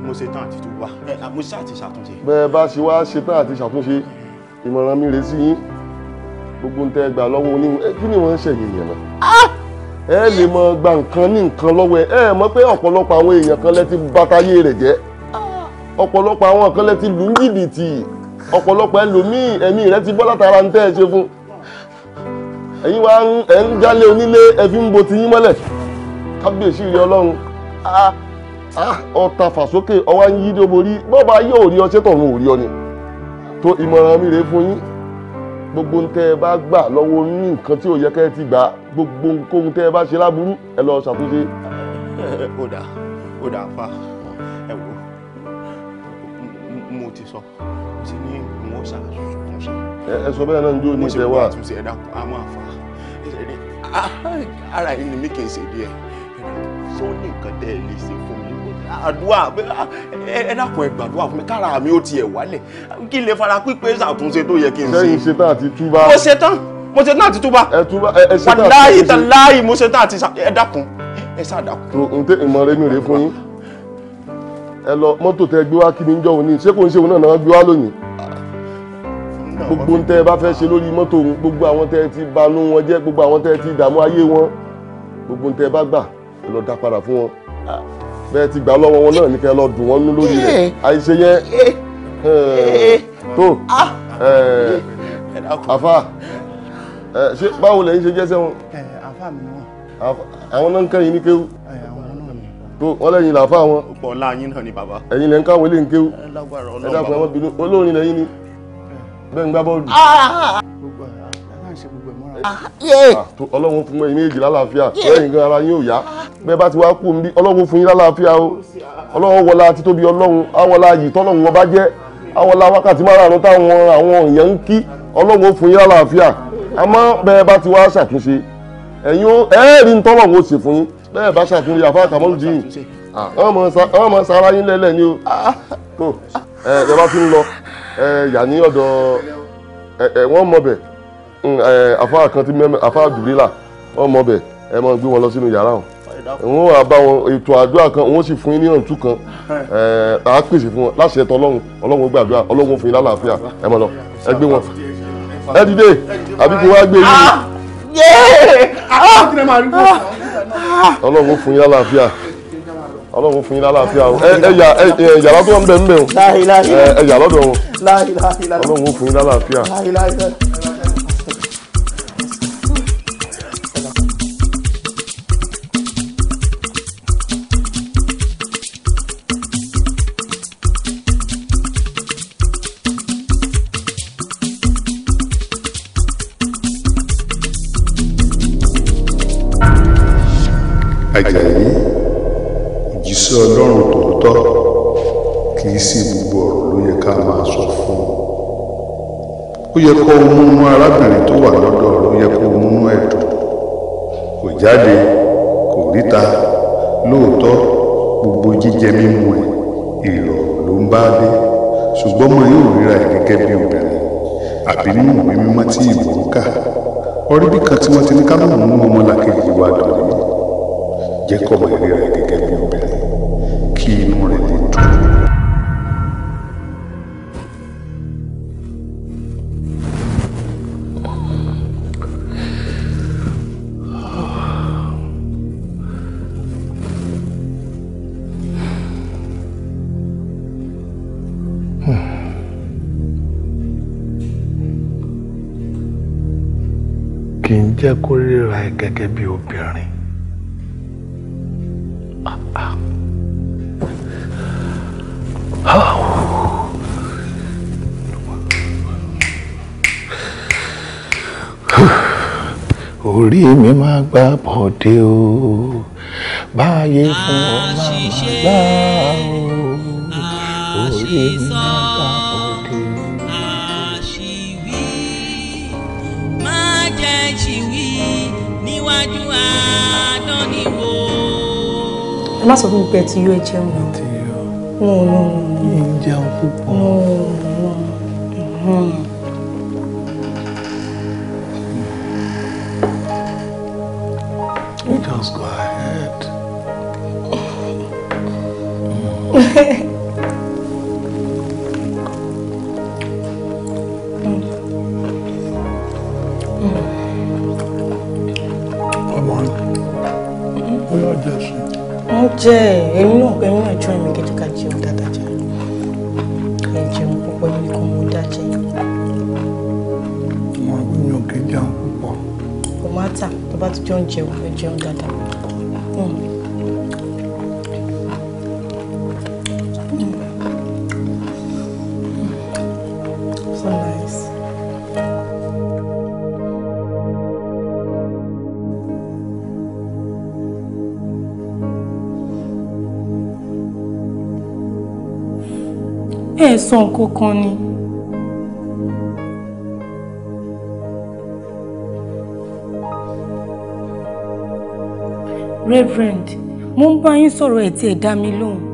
mo ṣe tán àti tuba mo ṣe àti ṣàtúnṣe. bẹ́ẹ̀ bá ṣe wá ṣe tán àti ṣàtúnṣe ìmọ̀ràn mi rèé sí yín gbogbo ń tẹ́ gbà lọ́wọ́ oníhun kí ni wọ́n ń ṣẹ̀yìn yẹn náà. Ah! ẹ lè mọ gba nǹkan ní nǹkan lọ́wọ́ ẹ ẹ mọ̀ pé ọ̀pọ̀lọpọ̀ àwọn èèyàn kan lẹ ti bàtàyé rẹ̀ jẹ́ ọ̀pọ̀lọpọ̀ àwọn kan lẹ ti lù ń jìbìtì ọ̀pọ̀lọpọ̀ ẹlòmíì ẹ̀mí rẹ̀ ti bọ́ látara ń tẹ́ ẹ ṣe fún ẹ̀yin wa ẹ̀ ń jálé onílé ẹ fi ń bo ti yín mọ́lẹ̀ kábíyèsí rí ọlọ́run ọta fàsókè ọwá ń yí dé borí bọ́ọ̀bá yóò rí ọ ṣé ni tó ìmọ̀ràn mi rèé fún yín gbogbo ntẹ ẹ bá gbà lọ́wọ́ ní nǹkan tí ò yẹ kẹ́ ẹ ti gbà gbogbo nǹkan tẹ ẹ bá ṣe láburú ẹ lọ ṣàtúnṣe. ó dà ó dà pa ẹ wo mo ti sọ mo ti ní mo ṣàtúnṣe. ẹ sọ bẹ́ẹ̀ náà ń jó ní ìṣẹ́ wa. mo ṣe kó àtúnṣe ẹ̀dá a máa fà ah, ara yìí ni mí kì í ṣe díẹ̀ ṣó ní nǹkan tẹ́ ẹ lè ṣe fún àdúrà ah, ẹ dákun ẹ gbàdúrà fún mi kára mi ó tiẹ̀ wálẹ̀ kí n lè fara pípé ṣàtúnṣe tó yẹ kí n ṣe. sẹ́yìn ṣe tán àti túbá. mo ṣe tán mo ṣe tán àti túbá. ẹ túbá ẹ ṣe tán àti túbá. wàláyé tán láàyè mo ṣe tán àti ẹ dákun ẹ ṣáà dákun. n tẹ ìmọ̀ rẹ mi rè fún yín ẹ lọ mọ́tò tẹ gbé wá kí ni jọ òní ṣé kò ń ṣe òun náà náà gbé wá lónìí gbogbo ń tẹ ẹ bá fẹ́ ṣe lórí mọ́tò òun gbogbo àwọn tẹ ẹ ti banú wọn jẹ́ gbogbo àwọn tẹ ti dààmú ayé wọn gbogbo ń tẹ bá gbà ẹ lọ dá padà fún wọn bẹ́ẹ̀ ti gbà lọ́wọ́ wọn náà ní kẹ́ lọ dùn wọ́n nú lórí rẹ̀ eh. àìṣe yẹn eh. Eh. tó ah. àfa ṣé báwo lẹ́yìn ṣe jẹ́ sẹ́wọ̀n. àfa mi ni wọ́n. àwọn náà ń kẹ́yìn ní kéwú. àwọn náà ni. tó wọ́n lẹ́yìn làáfà wọn. pọ̀ ńlá yín náà ni bàbá. ẹ̀yin lẹ́ ń káwọ́ ilé ń kéwú. ẹ dákun ẹ má bínú olórin lẹ́yìn ni bẹ́ẹ̀ ń gbá bọ́ọ̀lù. Ah. Ah, ah, ọlọ́run fún ẹ̀yin méjì lálàáfíà ẹ̀yin gan ara yín ò yá bẹ́ẹ̀ bá ti wá kú mi ọlọ́run fún yín lálàáfíà o ọlọ́run wọlá àti tóbi ọlọ́run awọlá àyè tọ́lọ́run wọn bá jẹ́ awọlá wákàtí márùn-ún táwọn àwọn èèyàn ń kí ọlọ́run fún yín lálàáfíà àmọ́ bẹ́ẹ̀ bá ti wá ṣàtúnṣe ẹ̀yin ẹ̀ẹ́rì ń tọ́lọ́run ó sì fún yín bẹ́ẹ̀ bá ṣàtúnṣe àfáà kàmọ́lù jìn ọmọ sara yín lẹ́lẹ̀ ni o ah. tó ẹ bá tún lọ ẹ yà ní ọ̀dọ̀ ẹ wọ́n mọ̀ bẹ́ẹ̀ àfa kan ti mẹ́mẹ́ àfa jùbílà wọ́n mọ̀ ẹ máa gbé wọn lọ sínú yàrá wọn wọn wà bá wọn ètò àdúrà kan wọn sì fún yín ní ọ̀ǹtú kan à á pèsè fún wọn láṣẹ tó ọlọ́run ọlọ́run gbàdúrà ọlọ́run fún yín lálàáfíà ẹ máa lọ ẹ gbé wọn ẹ dìde àbí kí wọ́n gbé yín. Ah, ah, ah, ọlọ́run fún yín lálàáfíà ọlọ́run fún yín lálàáfíà o ẹ yàrá tó ń bẹ ń bẹ o ẹ yàrá lọ́dọ̀ wọn ọlọ́run fún yín lálàáfíà. ó yẹ kó o múnú arábìnrin tó wà lọ́dọ̀ rẹ̀ ó yẹ kó o múnú ẹ̀ dùn kò jáde kò ríta lóòótọ́ gbogbo jíjẹ mímu ẹ̀ ìrọ̀ ló ń bá dé ṣùgbọ́n mo yóò ríra ẹ̀ gẹ́gẹ́ bí obìnrin àbí nínú ìwé mímọ́ tí ìwọ ń kà orí bí kan tí wọ́n ti ní ká mú ọmọ làkejì wa dùn ní jẹ́ kọ́mọ ìríra ẹ̀ gẹ́gẹ́ bí obìnrin kí inú rẹ̀ lè dùn. jẹ́ kó ríra ẹ gẹ́gẹ́ bí obìnrin. orí mi máa gbá bọ̀dé o báyé fún ọ máa o orí mi. má sọ fún mi pé ẹ jẹun. mo ti yọ. no no no. púpọ̀. no no. wá tó bá ti jọ jẹun ẹ jẹun dáadáa. Hmm. Hmm. So nice. ẹ sọ nǹkan kan ni. reverend mo ń bá yín sọ̀rọ̀ ẹ̀ tí ẹ̀ dá mi lóhùn.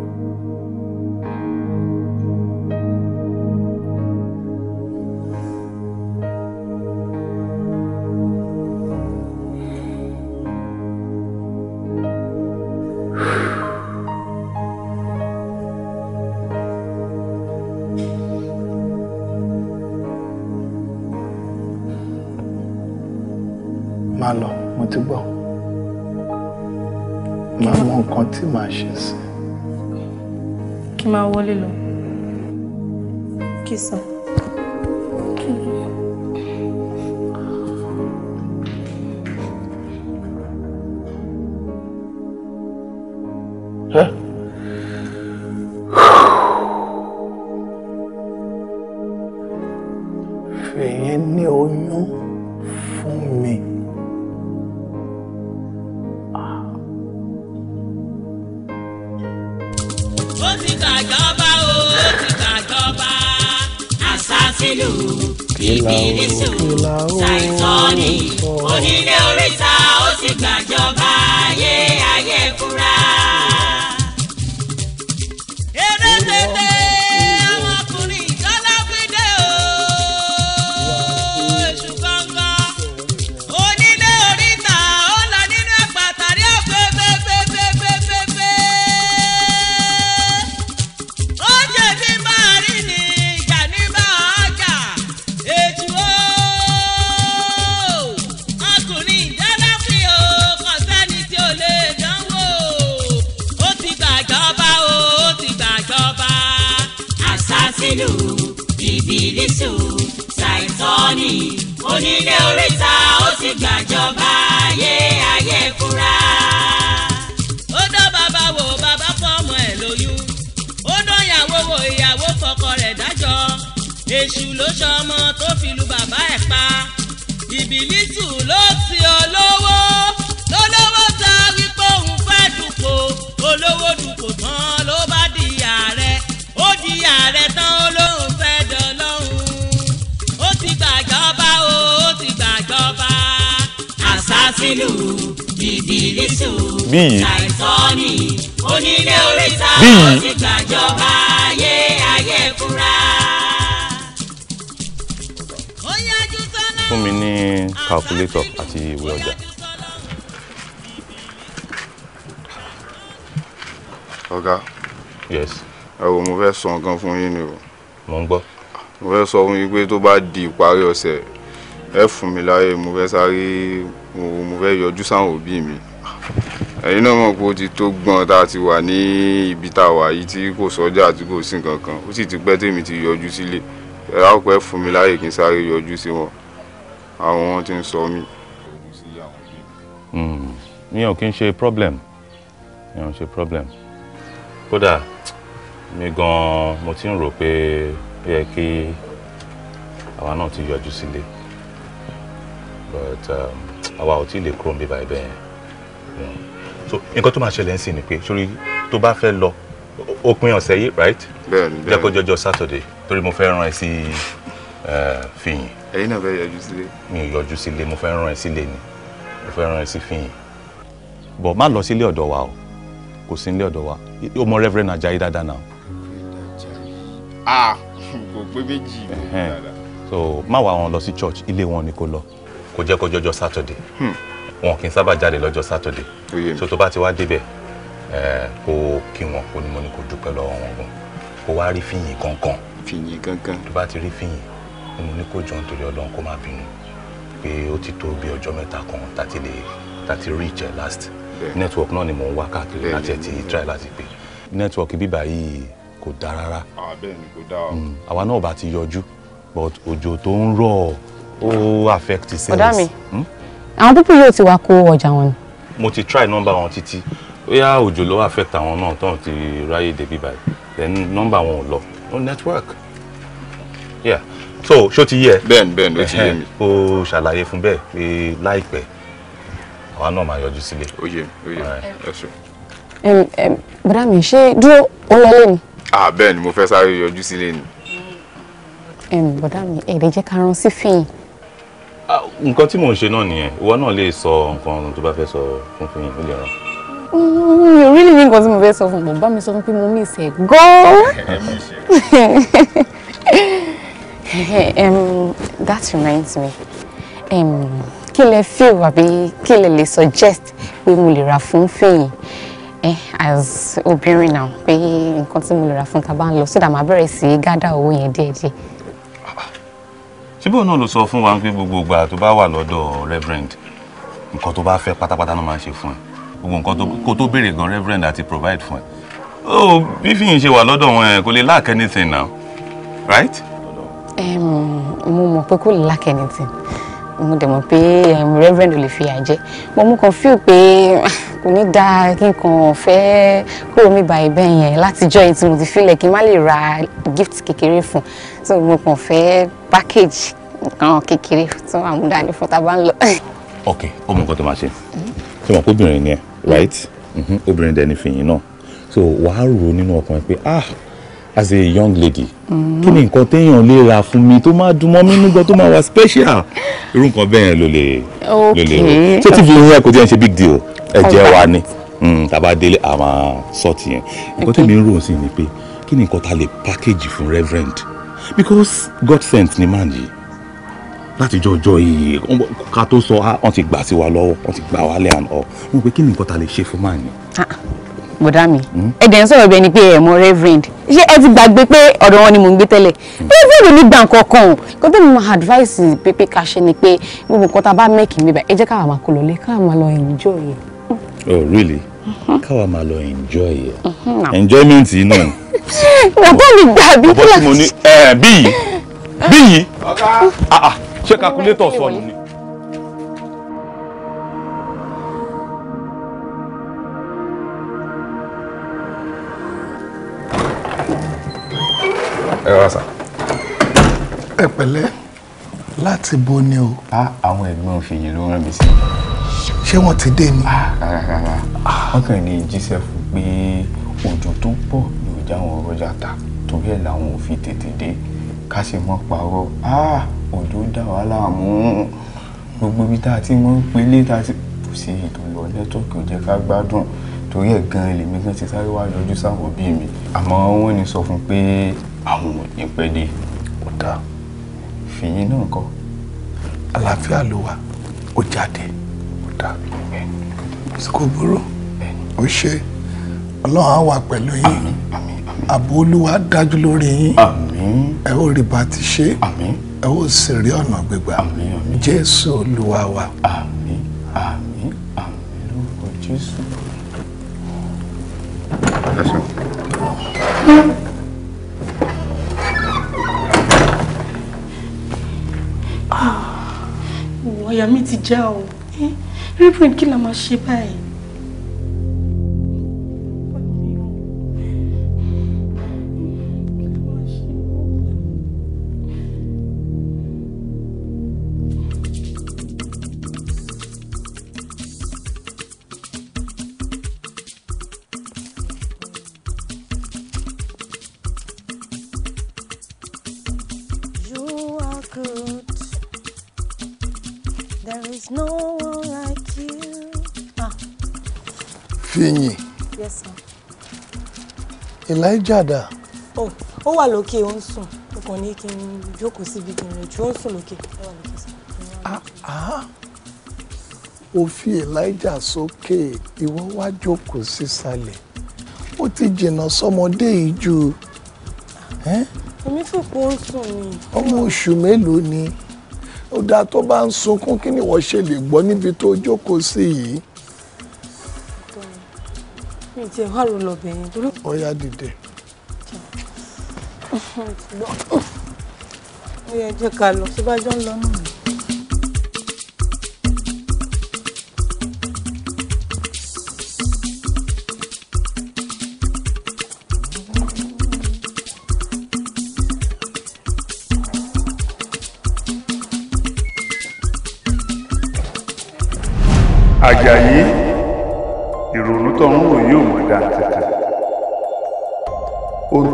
tọ́ni onílé oríta ó ti gbàjọba ayé ayé fúra. ó dán bàbá wo bàbá fọmọ ẹ̀ lóyún ó dán ìyàwó wo ìyàwó fọkọ rẹ̀ dájọ́ èṣù ló ṣọmọ tó fi lu bàbá ẹ̀ pa ìbílísù ló ti olówó lólówó. sínú ìdílésù àìsọ́ni onílé oríta ó ti fún mi ní calculator àti ìwé ọjà. ọ̀gá. yes. ẹ wo mo fẹ́ sọ nǹkan fún yín ni o. mo ń gbọ́. mo fẹ́ sọ fún yín pé tó bá di ìparí ọ̀sẹ̀ ẹ fún mi láyè mo fẹ́ sáré mo fẹ́ yọjú sáwọn òbí mi ẹ̀yin náà mọ̀ pé ó ti tó gbọ́n tá a ti wà ní ibi tá a wà yìí tí kò sọ́jà tí kò sí nǹkan kan ó sì ti pẹ́ tèmi ti yọjú sílé ẹ̀rá ò pẹ́ fún mi láàyè kí n sáré yọjú sí wọn àwọn wọn ti ń sọ mí. ìyẹn hmm, ò kí n ṣe problem ìyẹn ò ṣe problem kódà mi gan-an mo ti ń rò pé ó yẹ kí àwa náà ti yọjú sílé but. Um, àwa ò tí ì lè kúrò níbi báyìí bẹ́ẹ̀ hmm. so nǹkan tó máa ṣẹlẹ̀ ń sìn ni pé sórí tó bá fẹ́ lọ òpin ọ̀sẹ̀ yìí right bẹ́ẹ̀ni bẹ́ẹ̀ni jẹ́ jọjọ Saturday torí mo fẹ́ rán ẹ sí eh, fìyìn. ẹ̀yin náà fẹ́ yọjú sílé. mi ò yọjú sílé mo fẹ́ rán ẹ sílé ni mo fẹ́ rán ẹ sí fìyìn. bọ̀ má lọ sílé ọ̀dọ̀ wa o kò sí nílé ọ̀dọ̀ wa o mọ Reverend Ajayi dáadáa náà. ah kò pé méjì kò dáadáa. so má wá wọn lọ sí church ilé wọn ni kó lọ kò jẹ́ kó jọjọ́ sátọ̀dẹ̀ hmm. wọn kì í sábà jáde lọ́jọ́ sátọ̀dẹ̀ so tó bá ti wá débẹ̀ kó kí wọn kó ní mo ní kó dúpẹ́ lọ́wọ́ wọn gan kó wá rí fìyìn kankan fìyìn kankan tó bá ti rí fìyìn mo ní kó jọ nítorí ọlọ́run kó má bínú pé ó ti tó bí ọjọ́ mẹ́ta kan tàti lè tàti reach last network náà ni mò ń wá káàkiri láti ẹ̀ ti try láti pè network bíbá yìí kò dáa rárá ah, hmm, àwa náà bá ti yọjú but òjò tó ń rọ̀ ó affect sales. ọ̀dà mi hmm? àwọn púpù yóò ti wá kó ọjà wọn mo ti try nọ́mbà wọn títí bóyá òjò ló affect àwọn náà tán ti ráyè débi báyìí then nọ́mbà wọn ò lọ no network yeah so ṣó ti yẹ. bẹ́ẹ̀ni bẹ́ẹ̀ni ó ti yé mi. o ṣàlàyé fún bẹ́ẹ̀ pé láìpẹ́ àwa náà máa yọjú sílé. ó yé mi ó yé mi ẹ ṣe. bàdá mi ṣé dúró ó ni. ah bẹ́ẹ̀ni mo fẹ́ sáré yọjú sílé ni. bàdá mi ẹ̀ẹ́dẹ̀ jẹ́ ká rán sí fìyìn. Ah, nǹkan tí mò ń ṣe náà nìyẹn ìwọ náà lè sọ nǹkan tó bá fẹ́ sọ fún fún yín ó lè ràn. Mm, mi ò rí ní nǹkan tí mo fẹ́ sọ fún un bá mi sọ pé mo miss ẹ gan that reminds me kí lẹ feel àbí kí lẹ lè suggest pé mo lè rà fún fèyìn eh, as obìnrin náà pé nǹkan tí mo lè rà fún tá a bá ń lọ sódà máa bẹ̀rẹ̀ sí í gádà owó yẹn díẹ̀díẹ̀ síbò náà ló sọ fún wa pé gbogbo ìgbà tó bá wà lọ́dọ̀ reverend nǹkan tó bá fẹ́ pátápátá ló máa ṣe fún ẹ gbogbo nǹkan kó tó béèrè gan reverend àti provide fún ẹ ó bí fìyìn ṣe wà lọ́dọ̀ wọn ẹ kò lè lack anything now right. mo mọ̀ pé kò lè lack anything mo dẹ̀ mọ̀ pé um, reverend lè fi àjẹ́ mo mú kan fíl pé kò ní dáa kí n kàn omi bá ẹ̀bẹ̀ yẹn látijọ́ yìí tí mo ti fílẹ̀ kí n má lè ra gift kékeré fún so mo kàn fẹ́ package nǹkan kékeré tó àmúdá ní fún tábà ń lọ. ok ọmọ nǹkan tó máa ṣe ṣe mọ̀ pé obìnrin ni ẹ right mm-hmm. Mm-hmm. obìnrin dẹ̀ ni náà so wàá rò nínú ọkàn ẹ pé ah as a young lady kí ni nǹkan téèyàn lè ra fún mi tó máa dùn mọ́ mi nígbà tó máa wà special irú nǹkan bẹ́ẹ̀ yẹn ló lè ló lè rò ṣé tv yẹn kò tiẹ̀ big deal ẹ̀jẹ̀ wa ni hmm, tàbá délé a máa sọ́ọ̀tì yẹn nǹkan tèmi ń rò sí ni pé kí ni nǹkan ta lè package fún reverend because God sent ni man yìí láti jọjọ yìí ká tó sọ ọ́n ti gbà sí wa lọ́wọ́ ọ́n ti gbà wálé àná ọ́ mo pé kí ni nǹkan ta lè ṣe fún man yìí. Ah bọ̀dá mi hmm? ẹ̀dẹ̀ ń sọ̀rọ̀ bí ẹni pé ẹ mọ̀ reverend ṣé ẹ ti gbàgbé pé ọ̀dọ̀ wọn ni mò ń gbé tẹ́lẹ̀ hmm. reverend ní gbà kankan kó tẹ́lẹ̀ mo advice pépé ká ṣe ni pé gbogbo nǹkan tá a bá mẹ́kì mi bá ẹ jẹ́ káwa máa kó lọlé káwa máa lọ enjoy oh really mm-hmm. káwa máa lọ enjoy ẹ mm-hmm, enjoyment yìí náà. bàbá mi gbà bí kíláàsì. bàbá mi mo ní eh, bíyì bíyì ah, ah, ṣé calculator sọ ni. pẹ̀lẹ́ láti bo ni o. a àwọn ẹ̀gbọ́n òfìyè ló rán mi sí. ṣé wọ́n ti dé ni. rárá rárá wọ́n kàn ní jíṣẹ́ fún pé òjò tó pọ̀ yóò já wọn rọjà ta torí ẹ̀ làwọn ò fi tètè dé ká sì mọ́ pààrọ̀ òjò dá wa láàmú gbogbo ibi tá a ti mọ́ pélé tá a ti kù sí ìdòlò nẹ́tọ́ọ̀kì ò jẹ́ ká gbádùn torí ẹ̀ gan lèmi gan ti sáré wá yọjú sáwọn òbí mi àmọ́ wọ́n ní sọ fún pé àwọn ò ní pẹ́ dé. ọ̀tá fìyín náà kọ́. àlàáfíà ló wà ó jáde ó dà kò burú ó ṣe ọlọ́run á wà pẹ̀lú yín ààbò olúwa dájú lórí yín ẹ ó rí bá ti ṣe ẹ ó sì rí ọ̀nà gbígbà jésù olúwa wa. Thank you. ọ̀yà mi ti já o. Eh, Reverend kí la máa ṣe báyìí? Elijah dà. ó wà lókè ó ń sùn ó kàn ní kí n jókòó síbi kí n rẹ̀ jù ó ń sùn lókè ó wà lókè sí. ó ah, ah. fi Elijah sókè ìwọ wá jókòó sísàlẹ̀ ó ti jìnnà sọmọdé yìí ju. èmi fi pò ń sùn ni. ọmọ oṣù mélòó ni ó dáa tó bá ń sunkún kí ni wọ́n ṣe lè gbọ́ níbi tó jókòó sí yìí mi jẹ́ wá rò lọ torí. ọyá dìde. ó yẹ jẹ́ ká lọ tó bá jọ ń lọ náà. Ajayi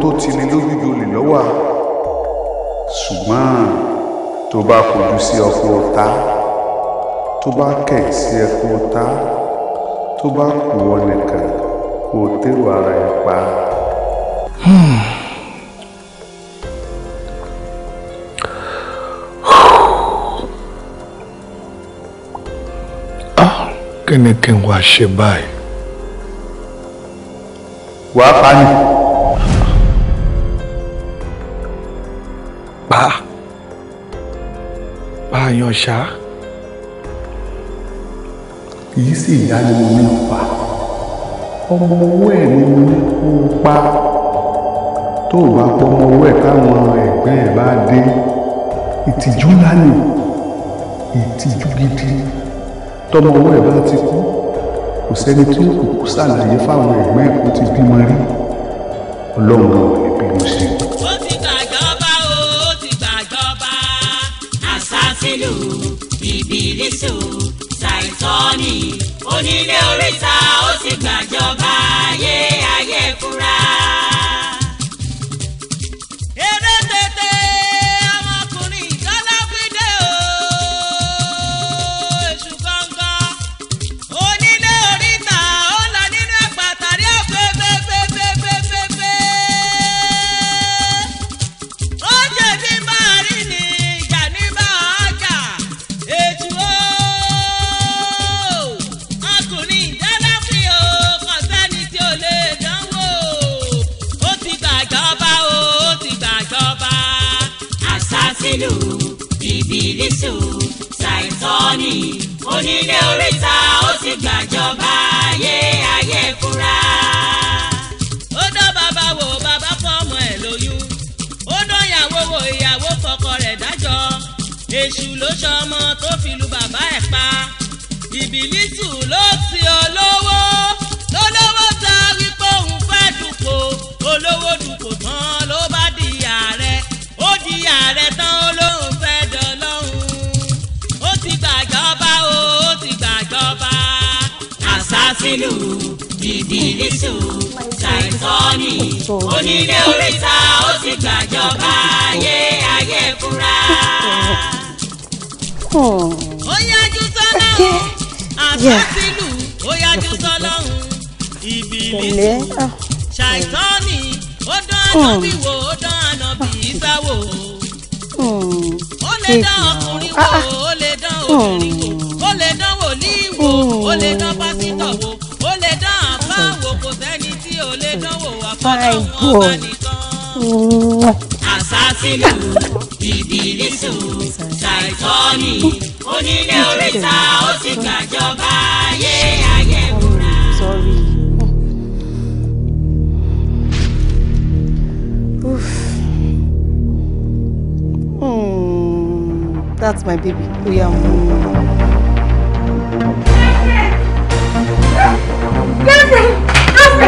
tó ti ní lójú jolè lọ́wọ́ ṣùgbọ́n tó bá kojú sí ọkọ ọ̀tá tó bá kẹ̀ sí ẹkọ ọ̀tá tó bá kù ọ nìkan kó o tẹ́rù ara ẹ̀ pa. Ah, kí ni kí n wá ṣe báyìí. wàá pa pààyàn ṣá kì í sì yá ni mo ní pa ọmọ owó ẹ̀ ni mo ní kó o pa tó o bá pọ ọmọ owó ẹ̀ káwọn ẹ̀gbẹ́ ẹ̀ bá dé ìtìjú ńlá ni ìtìjú gidi tọmọ owó ẹ̀ bá ti kú kò sẹ́ni tí ó kò ṣàlàyé fáwọn ẹ̀gbọ́n ẹ̀ kó ti bímọ rí ọlọ́run ò mo ṣe lílù ìbílísù ṣàìtọ́ni onílé oríta ó ti gbàjọba ayé. lílù ìbílísù ṣàìtọ́ni onílé oríta ó ti gbàjọba ayé ayé fúra. ó dán bàbá wò bàbá fọmọ ẹ̀ lóyún ó dán ìyàwó wo ìyàwó fọkọ rẹ̀ dájọ́ èṣù ló ṣọmọ tó fi jésù ṣàìtọ́ni onílé oríta ó ti gbàjọba ayé ayé fúnra. Oh. ó yájú sọ́lọ́run àfàtìlù ó yájú sọ́lọ́run ìbílẹ̀ ṣàìtọ́ni ah. ó dán oh. ànábì wò ó dán ànábì Ìsá wò oh. ó lè dán ọkùnrin ah, wò ah. ó lè dán obìnrin wò ó lè dán wòlíì wò ó lè dán. my god. àsásílù ìdílísù ṣàìtọ́ni onílé oríta ó ti gbàjọba ayé ayé múra. Mm, that's my baby. We are moving. Gabriel!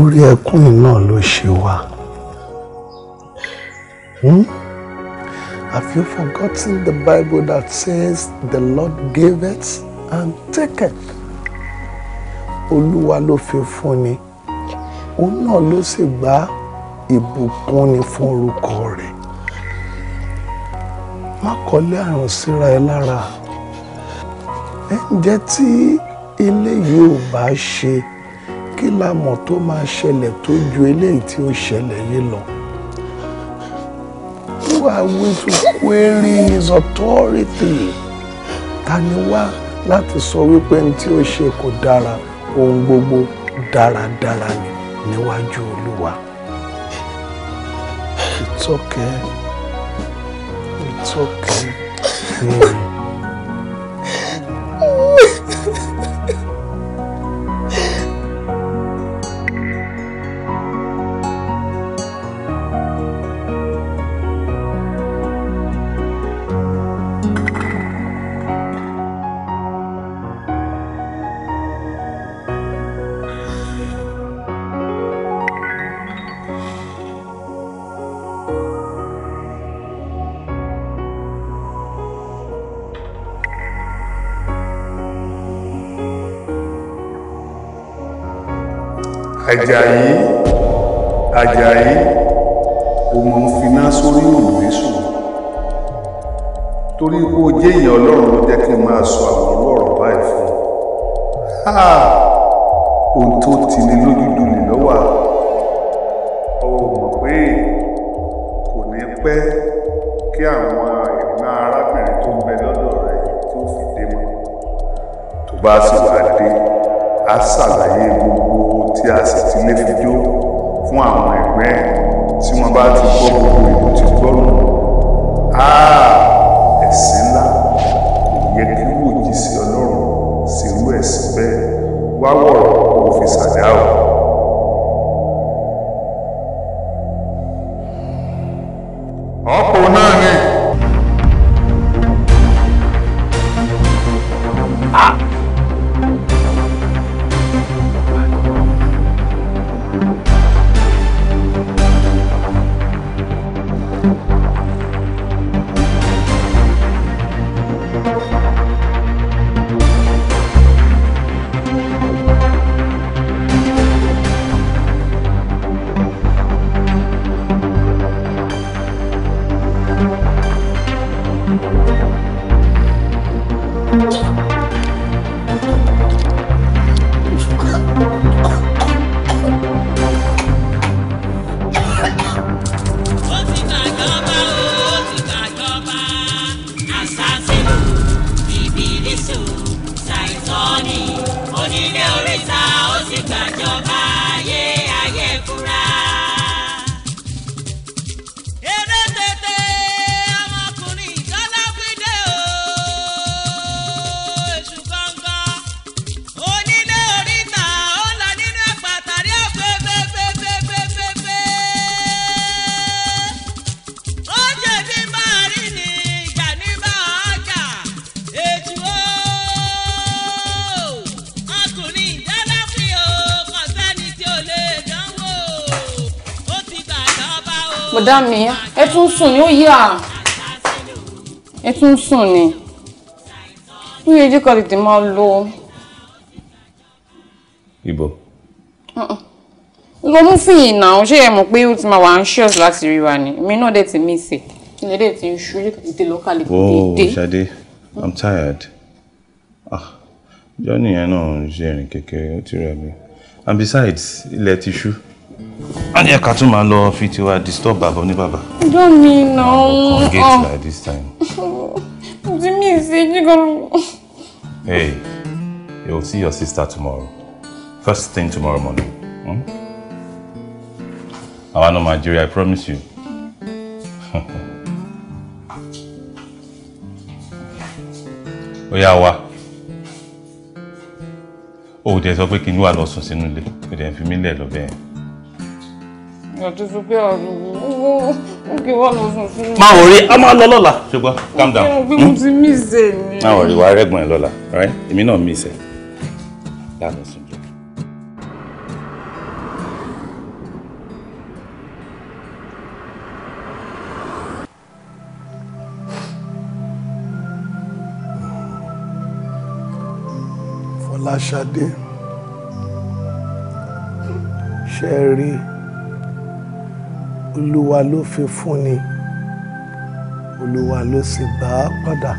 orí ẹkún náà ló ṣe wá. Hmm? Have you forgotten the Bible that says the Lord gave it and take it? Olúwa ló fi fún ni, òun náà ló sì gba ìbùkún ni fún orúkọ rẹ̀. Má kọ́lé àrùn síra ẹ lára. Ẹ ǹjẹ́ tí ilé yìí ò bá ṣe kí la mọ̀ tó máa ṣẹlẹ̀ tó ju eléyìí tí ó ṣẹlẹ̀ yìí lọ. Who are we to query his authority? Ta ni wá láti sọ wípé ní tí ó ṣe kò dára ohun gbogbo dáradára ni níwájú Olúwa. It's okay. It's Àjàyí Àjàyí òmò ń finá sórí òrùlé sùn torí pé o jẹ́ èèyàn ọlọ́run ló jẹ́ kí n máa sọ àwọn orú ọ̀rọ̀ báyìí fún ohun tó ti ní lójú dùn ní lọ́wọ́ ọ̀hún pé kò ní pẹ́ kí àwọn ìrìnà arábìnrin tó ń bẹ lọ́dọ̀ rẹ̀ tí fi dé mọ́ tó bá sì wá dé á ṣàlàyé mọ́ a sì ti lé fídíò fún àwọn ẹgbẹ́ ẹ̀ tí wọ́n bá ti gbọ́ gbogbo sùn ni bí ojú kan tètè máa lọ. ibo. lọ mú fìyìn náà ṣé ẹ mọ̀ pé ó ti máa wà anxious láti rí wa ni èmi náà dẹ̀ ti mí sè ilé dẹ̀ ti ṣú ojú tètè lọ́kàlẹ̀ kò dé. oh Ṣadé i'm tired ah jọ́nì yẹn náà ń ṣe ìrìn kékeré ó ti rẹ̀ mí and besides ilẹ̀ ti ṣú a ní ẹ̀ka tún máa lọ fi tiwa disturb bàbá oníbàbà. don't mean no. come gate ah. by this time. Hey, you'll see your sister tomorrow. First thing tomorrow morning. Hmm? I know my jury, I promise you. Oya wa. O de sọ pé kí n wá lọ sùn sínú ilé. O de fi mí má wọrí a máa lọ lọ́la ṣùgbọ́n calm down. mo ti miss ẹ ni. má wọrí wàá rẹ́gbọ̀n ẹ lọ́la èmi náà miss ẹ lánàá sùn. Fọláṣadé ṣe rí i olúwa ló fi fúnni olúwa ló sì gbà á padà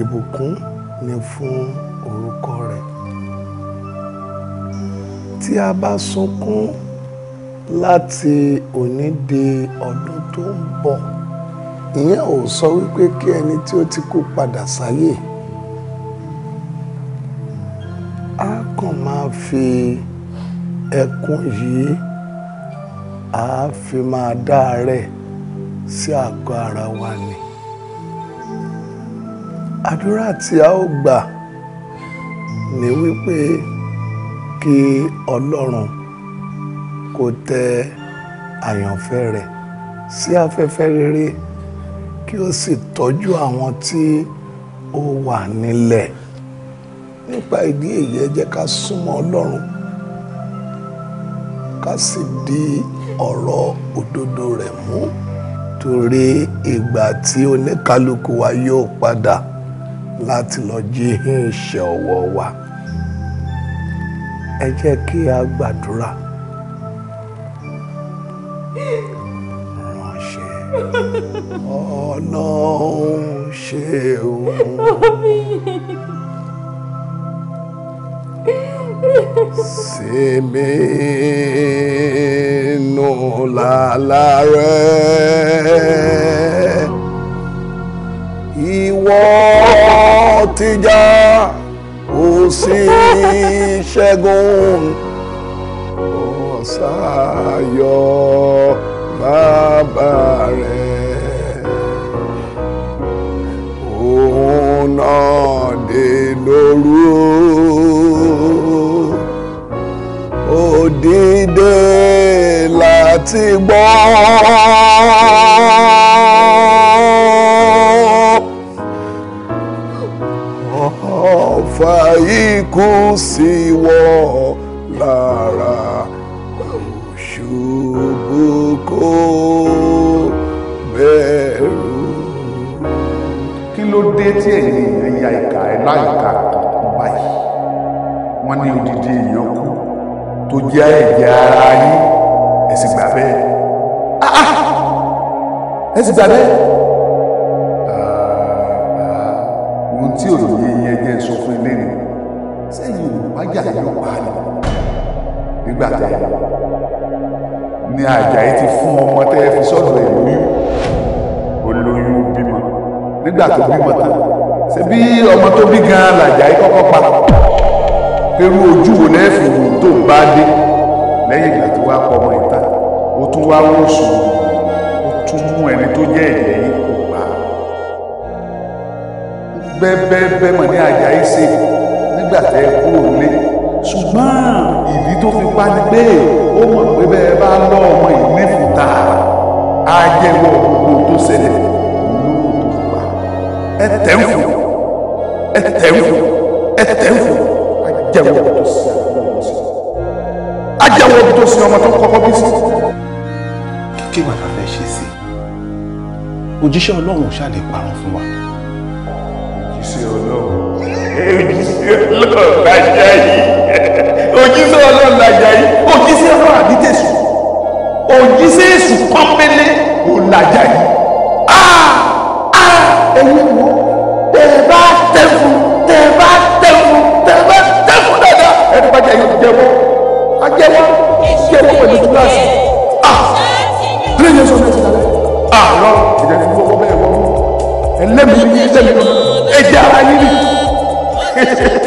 ìbùkún ni fún orúkọ rẹ̀ tí a bá sunkún láti òní di ọdún tó ń bọ̀ ìyẹn ò sọ wípé kí ẹni tí ó ti kú padà sáyè a kàn máa fi ẹkún yìí a fi máa dá àárẹ̀ sí àgọ́ ara wa ni àdúrà tí a ó gbà ní wípé kí Ọlọ́run kó tẹ àyànfẹ́ rẹ̀ sí afẹ́fẹ́ rere kí ó sì tọ́jú àwọn tí ó wà nílẹ̀ nípa ìdí èyí ẹ jẹ́ ká súnmọ́ Ọlọ́run ká sì di. ọ̀rọ̀ òdodo rẹ̀ mú torí ìgbà tí oníkálukú wa yóò padà láti lọ jí ìṣẹ́ ọwọ́ wa ẹ jẹ́ kí a gbàdúrà. ọ̀nà ṣe ṣeun. Sèmi nù làlá rẹ̀ ìwọ tìjà ó sì ṣẹ́gun ọ̀sáyọ̀ bàbá rẹ̀ òun náà dé lóru òdìdé láti gbọ́. sì gbà bẹ́ẹ̀. ohun tí òye yẹn jẹ́ sọ fún ilé ni sẹ́yìn olùpájà yóò pa ni nígbà tẹ́ ni Àjàyí ti fún ọmọ tẹ́ fi sọ́dọ̀ ẹ̀ lóyún olóyún bímọ nígbà tó bímọ tán ṣe bí ọmọ tó bí gan-an làjàyí kọ́kọ́ pa pẹ̀lú ojú wo lẹ́ẹ̀fì wò tó bá dé lẹ́yìn ìgbà tó wá pọ̀ ọmọ ìta ó tún wá wọ́n sùn tó jẹ́ ẹ̀jẹ̀ yìí kò gbà bẹ́ẹ̀bẹ́ẹ́bẹ́ mọ̀ ní Àjàyí ṣe nígbà tẹ́ kúrò lé ṣùgbọ́n ìdí tó fi pa ni pé ó mọ̀ pé bẹ́ẹ̀ bá lọ́ ọmọ yìí ní fùtà á jẹ́wọ́ gbogbo tó ṣẹlẹ̀ lóko tó fi pa ẹ tẹ̀ ń fò ẹ tẹ̀ ń fò ẹ tẹ̀ ń fò á jẹ́wọ́ tó ṣe á tó ṣe ọmọ tó kọ́kọ́ bí sí. kíkí bàtà òjíṣẹ́ ọlọ́run ò ṣàlè parun fún wa. òjíṣẹ́ ọlọ́run òjíṣẹ́ ọlọ́run lájà yìí òjíṣẹ́ ọlọ́run lájà yìí òjíṣẹ́ ọlọ́run àdìtẹ̀sù òjíṣẹ́ èṣù pọ́npẹ́lẹ́ ò lájà yìí a a ẹ̀yin wo tẹ̀ bá tẹ̀ fún tẹ̀ bá tẹ̀ fún tẹ̀ bá tẹ̀ fún dáadáa ẹni bá jẹ́ yóò jẹ́wọ́ ajẹ́wọ́ jẹ́wọ́ pẹ̀lú kíláàsì a lè yẹ sọ́dọ̀ tẹ̀mí ẹ̀jẹ̀ ara yín ni.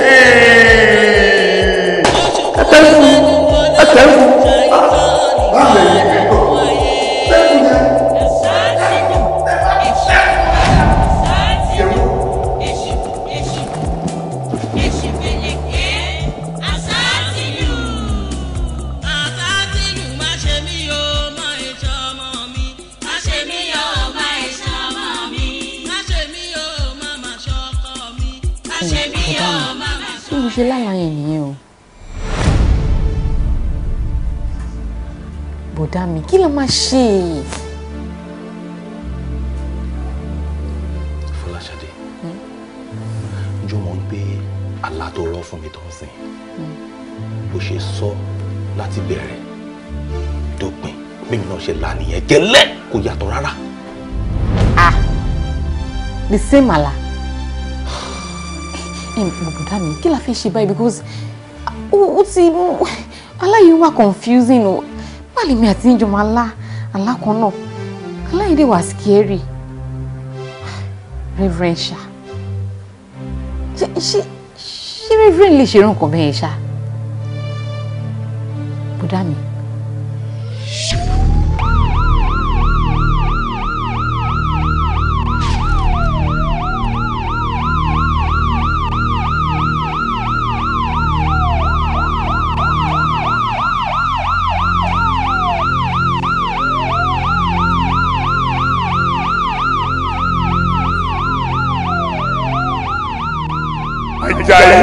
ṣe lálàá yẹn nìyẹn o. bọ̀dá mi kí la máa ṣe. Fọláṣadé hmm? jọ mọ̀ pé àlá tó rọ fún mi tó ń sìn hmm. bó ṣe sọ láti bẹ̀rẹ̀ dópin bẹ́ẹ̀ náà ṣe là nìyẹn kò yàtọ̀ rárá. ah the same àlá bùdá mi kí la fẹ́ ṣe báyìí because ó ti aláyé wà confusing o báàlì mi àti ìjọba alá alákan náà aláìdè wà scary reverend ṣá ṣe ṣe reverend lè ṣerú nǹkan bẹ́ẹ̀ ṣá bùdá mi. Cae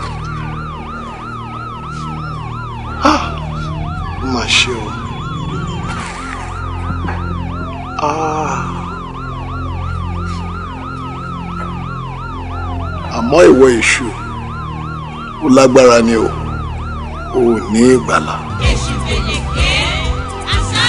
àmọ́ ìwọ èṣù ó lágbára ni o ò ní ìgbàlà. èṣù fèlèké àṣà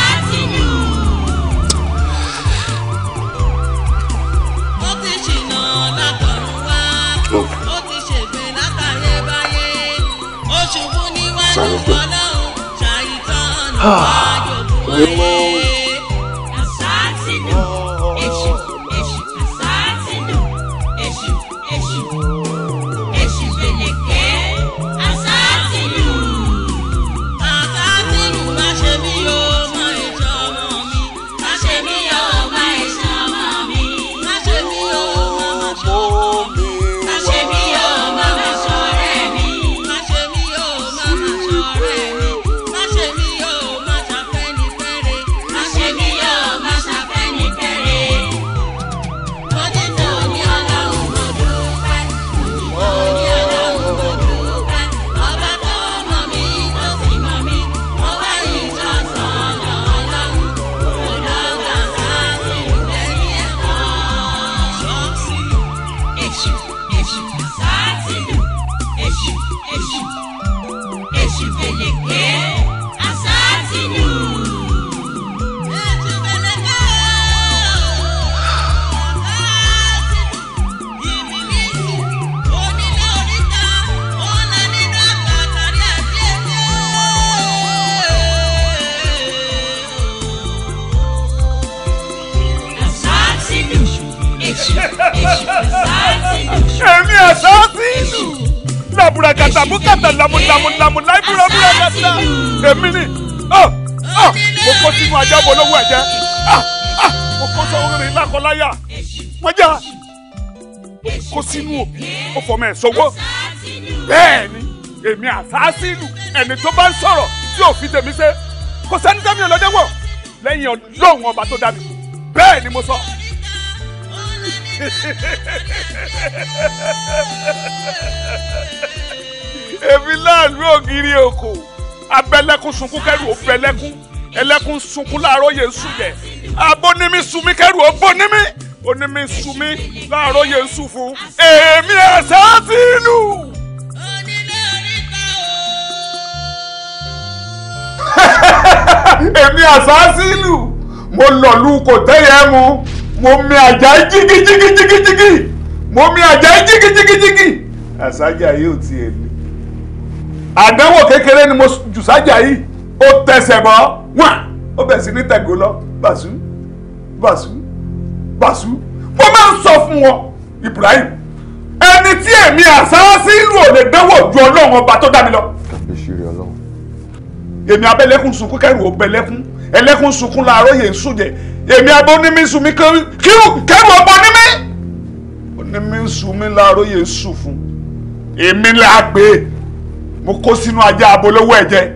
sá èmi ni ah, ah, mo kó sínú ajábọ̀ lọ́wọ́ ẹ̀jẹ̀ mo kó sọ́wọ́ rẹ̀ lákọláyà wọ́jà mo kó sínú òbí mo fọmọ ẹ̀ sọ́wọ́ bẹ́ẹ̀ ni èmi àsásìlù ẹni tó bá ń sọ̀rọ̀ tí ò fi tèmi ṣe kò sẹ́ni tẹ́mi ọ̀lọ́dẹ́ wọ̀ lẹ́yìn ọlọ́run ọba tó dá mi bẹ́ẹ̀ ni mo sọ. èmi láàlú ògiri òkò abẹ́lẹ́kún sunkún kẹ́rù ó bẹ́lẹ́kún ẹlẹ́kún sunkún láàárọ̀ yẹn ń sùn jẹ abónímí sunmi kẹ́rù ó bónímí onímí sunmi láàárọ̀ yẹn ń sùn fún èmi ẹ̀sẹ̀ ti lù. èmi àsásílù mo lọ̀lú kò tẹ́yẹ mu mo mi àjà jigijigijigigi mo mi àjà jigijigijigi àsájà yóò tiẹ̀ ní àdánwò kékeré ni mo jù sájà yìí ó tẹsẹ̀ bọ́ wọ́n ó bẹ̀ sí ní tẹ̀gó lọ bàṣú bàṣú bàṣú mo máa ń sọ fún wọn Ibrahim ẹni tí èmi àsáásí ìlú ò lè dánwò ju Ọlọ́run ọba tó dá mi lọ. kàbíyèsí Ọlọ́run. èmi abẹ́lẹ́kùn sunkún kẹ́rù ògbẹ́lẹ́kùn ẹlẹ́kùn sunkún làárọ̀ yẹn ń sùn jẹ èmi abónímí sunmi kírù kẹ́rù ọ̀bọ̀nímí onímí sunmi làárọ̀ yẹn ń sùn fún èmi là á gbé e mo kó sínú ajá abolówó ẹ̀jẹ̀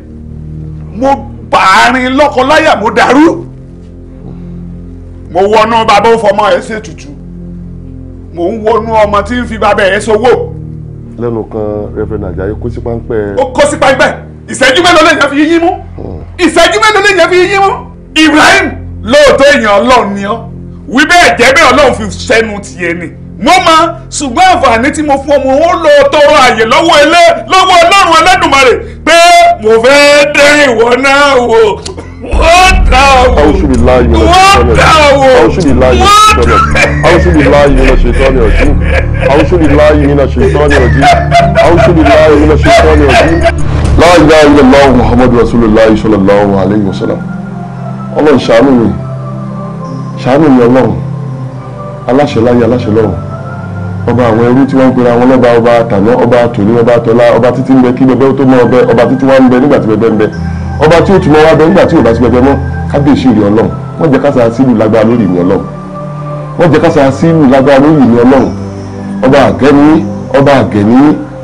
mo bàárín lọ́kọláyà mo dàrú mo wọnú bàbá ó fọmọ ẹ̀ ṣètùtù mo ń wọnú ọmọ tí ń fi bàbá ẹ̀ ṣòwò. lẹ́nu kan rẹ́fẹ̀rẹ́ Àjàyí kó sí páńpẹ́. ó kó sí páńpẹ́ ìṣẹ́jú mélòó lèèyàn fi yín mú hmm. ìṣẹ́jú mélòó lèèyàn fi yín mú Ibrahim lóòótọ́ èèyàn Ọlọ́run ni ọ́ wí bẹ́ẹ̀ jẹ́ bẹ́ẹ̀ Ọlọ́run fi ṣẹ́nu tiẹ̀ ni mo mọ ṣùgbọ́n àǹfààní tí mo fún ọmọ òun lọ tọrọ àyè lọ́wọ́ ilé lọ́wọ́ ọlọ́run ẹlẹ́dùnmarè pé mo fẹ́ dé ìwọ náà wò wọ́n dà wò wọ́n dà wò wọ́n dà wò. láàyè ilẹ̀láwọ̀ muhammadu rasulillah sallallahu alayhi wa sallam ọlọ́run ṣàánú mi ṣàánú mi ọlọ́run aláṣẹ láyé aláṣẹ lọ́run ọba àwọn ẹrú tí wọ́n ń pera wọn lọ́ba ọba àtàná ọba àtòní ọba àtọ́lá ọba títí ń bẹ kí bẹbẹ ó tó mọ ọbẹ ọba títí wá ń bẹ nígbà tí bẹbẹ ń bẹ ọba tí ó tún mọ wá bẹ nígbà tí òbá ti bẹbẹ mọ kábíyèsí ìrì ọlọ́run wọ́n jẹ́ kásá sílù lágbára lórí ìrì ọlọ́run wọ́n jẹ́ kásá sílù lágbára lórí ìrì ọlọ́run ọba àgẹ́ni ọba àgẹ́ni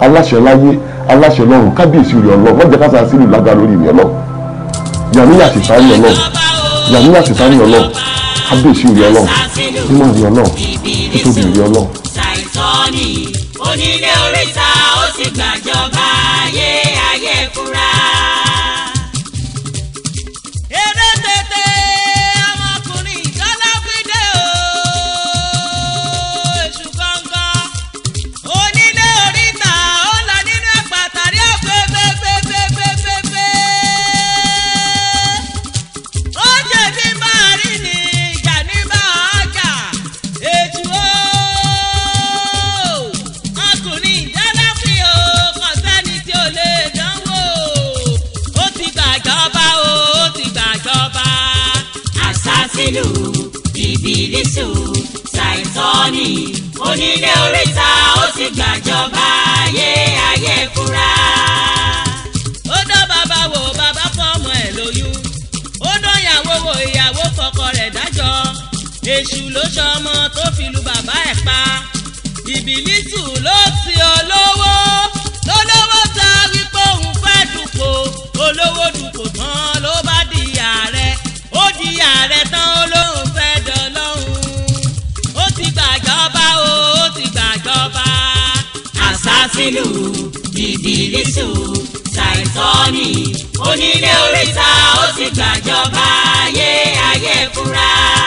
aláṣẹ láyé aláṣẹ ọlọ́run kábíyèsí ìrì ọlọ́run wọ́n jẹ́ kásá sílù lágbára lórí ìrì ọlọ́run yàmíyà sì ọlọ́run ìtọ́ni onílé oríta ó ti gbàjọba. onílé oríta ó ti gbàjọba ayé ayé fúra. ó dán bàbá wò bàbá fọmọ ẹ̀ lóyún ó dán ìyàwó wo ìyàwó fọkọ rẹ̀ dájọ́ èṣù ló ṣọmọ tó fi lu bàbá ẹ̀ pa ìbílísù ló ti olówó. Kamilu Ìdírísù Sàìtọ́nì onílé oríta ó ti gbàjọba ayé ayé fúnra.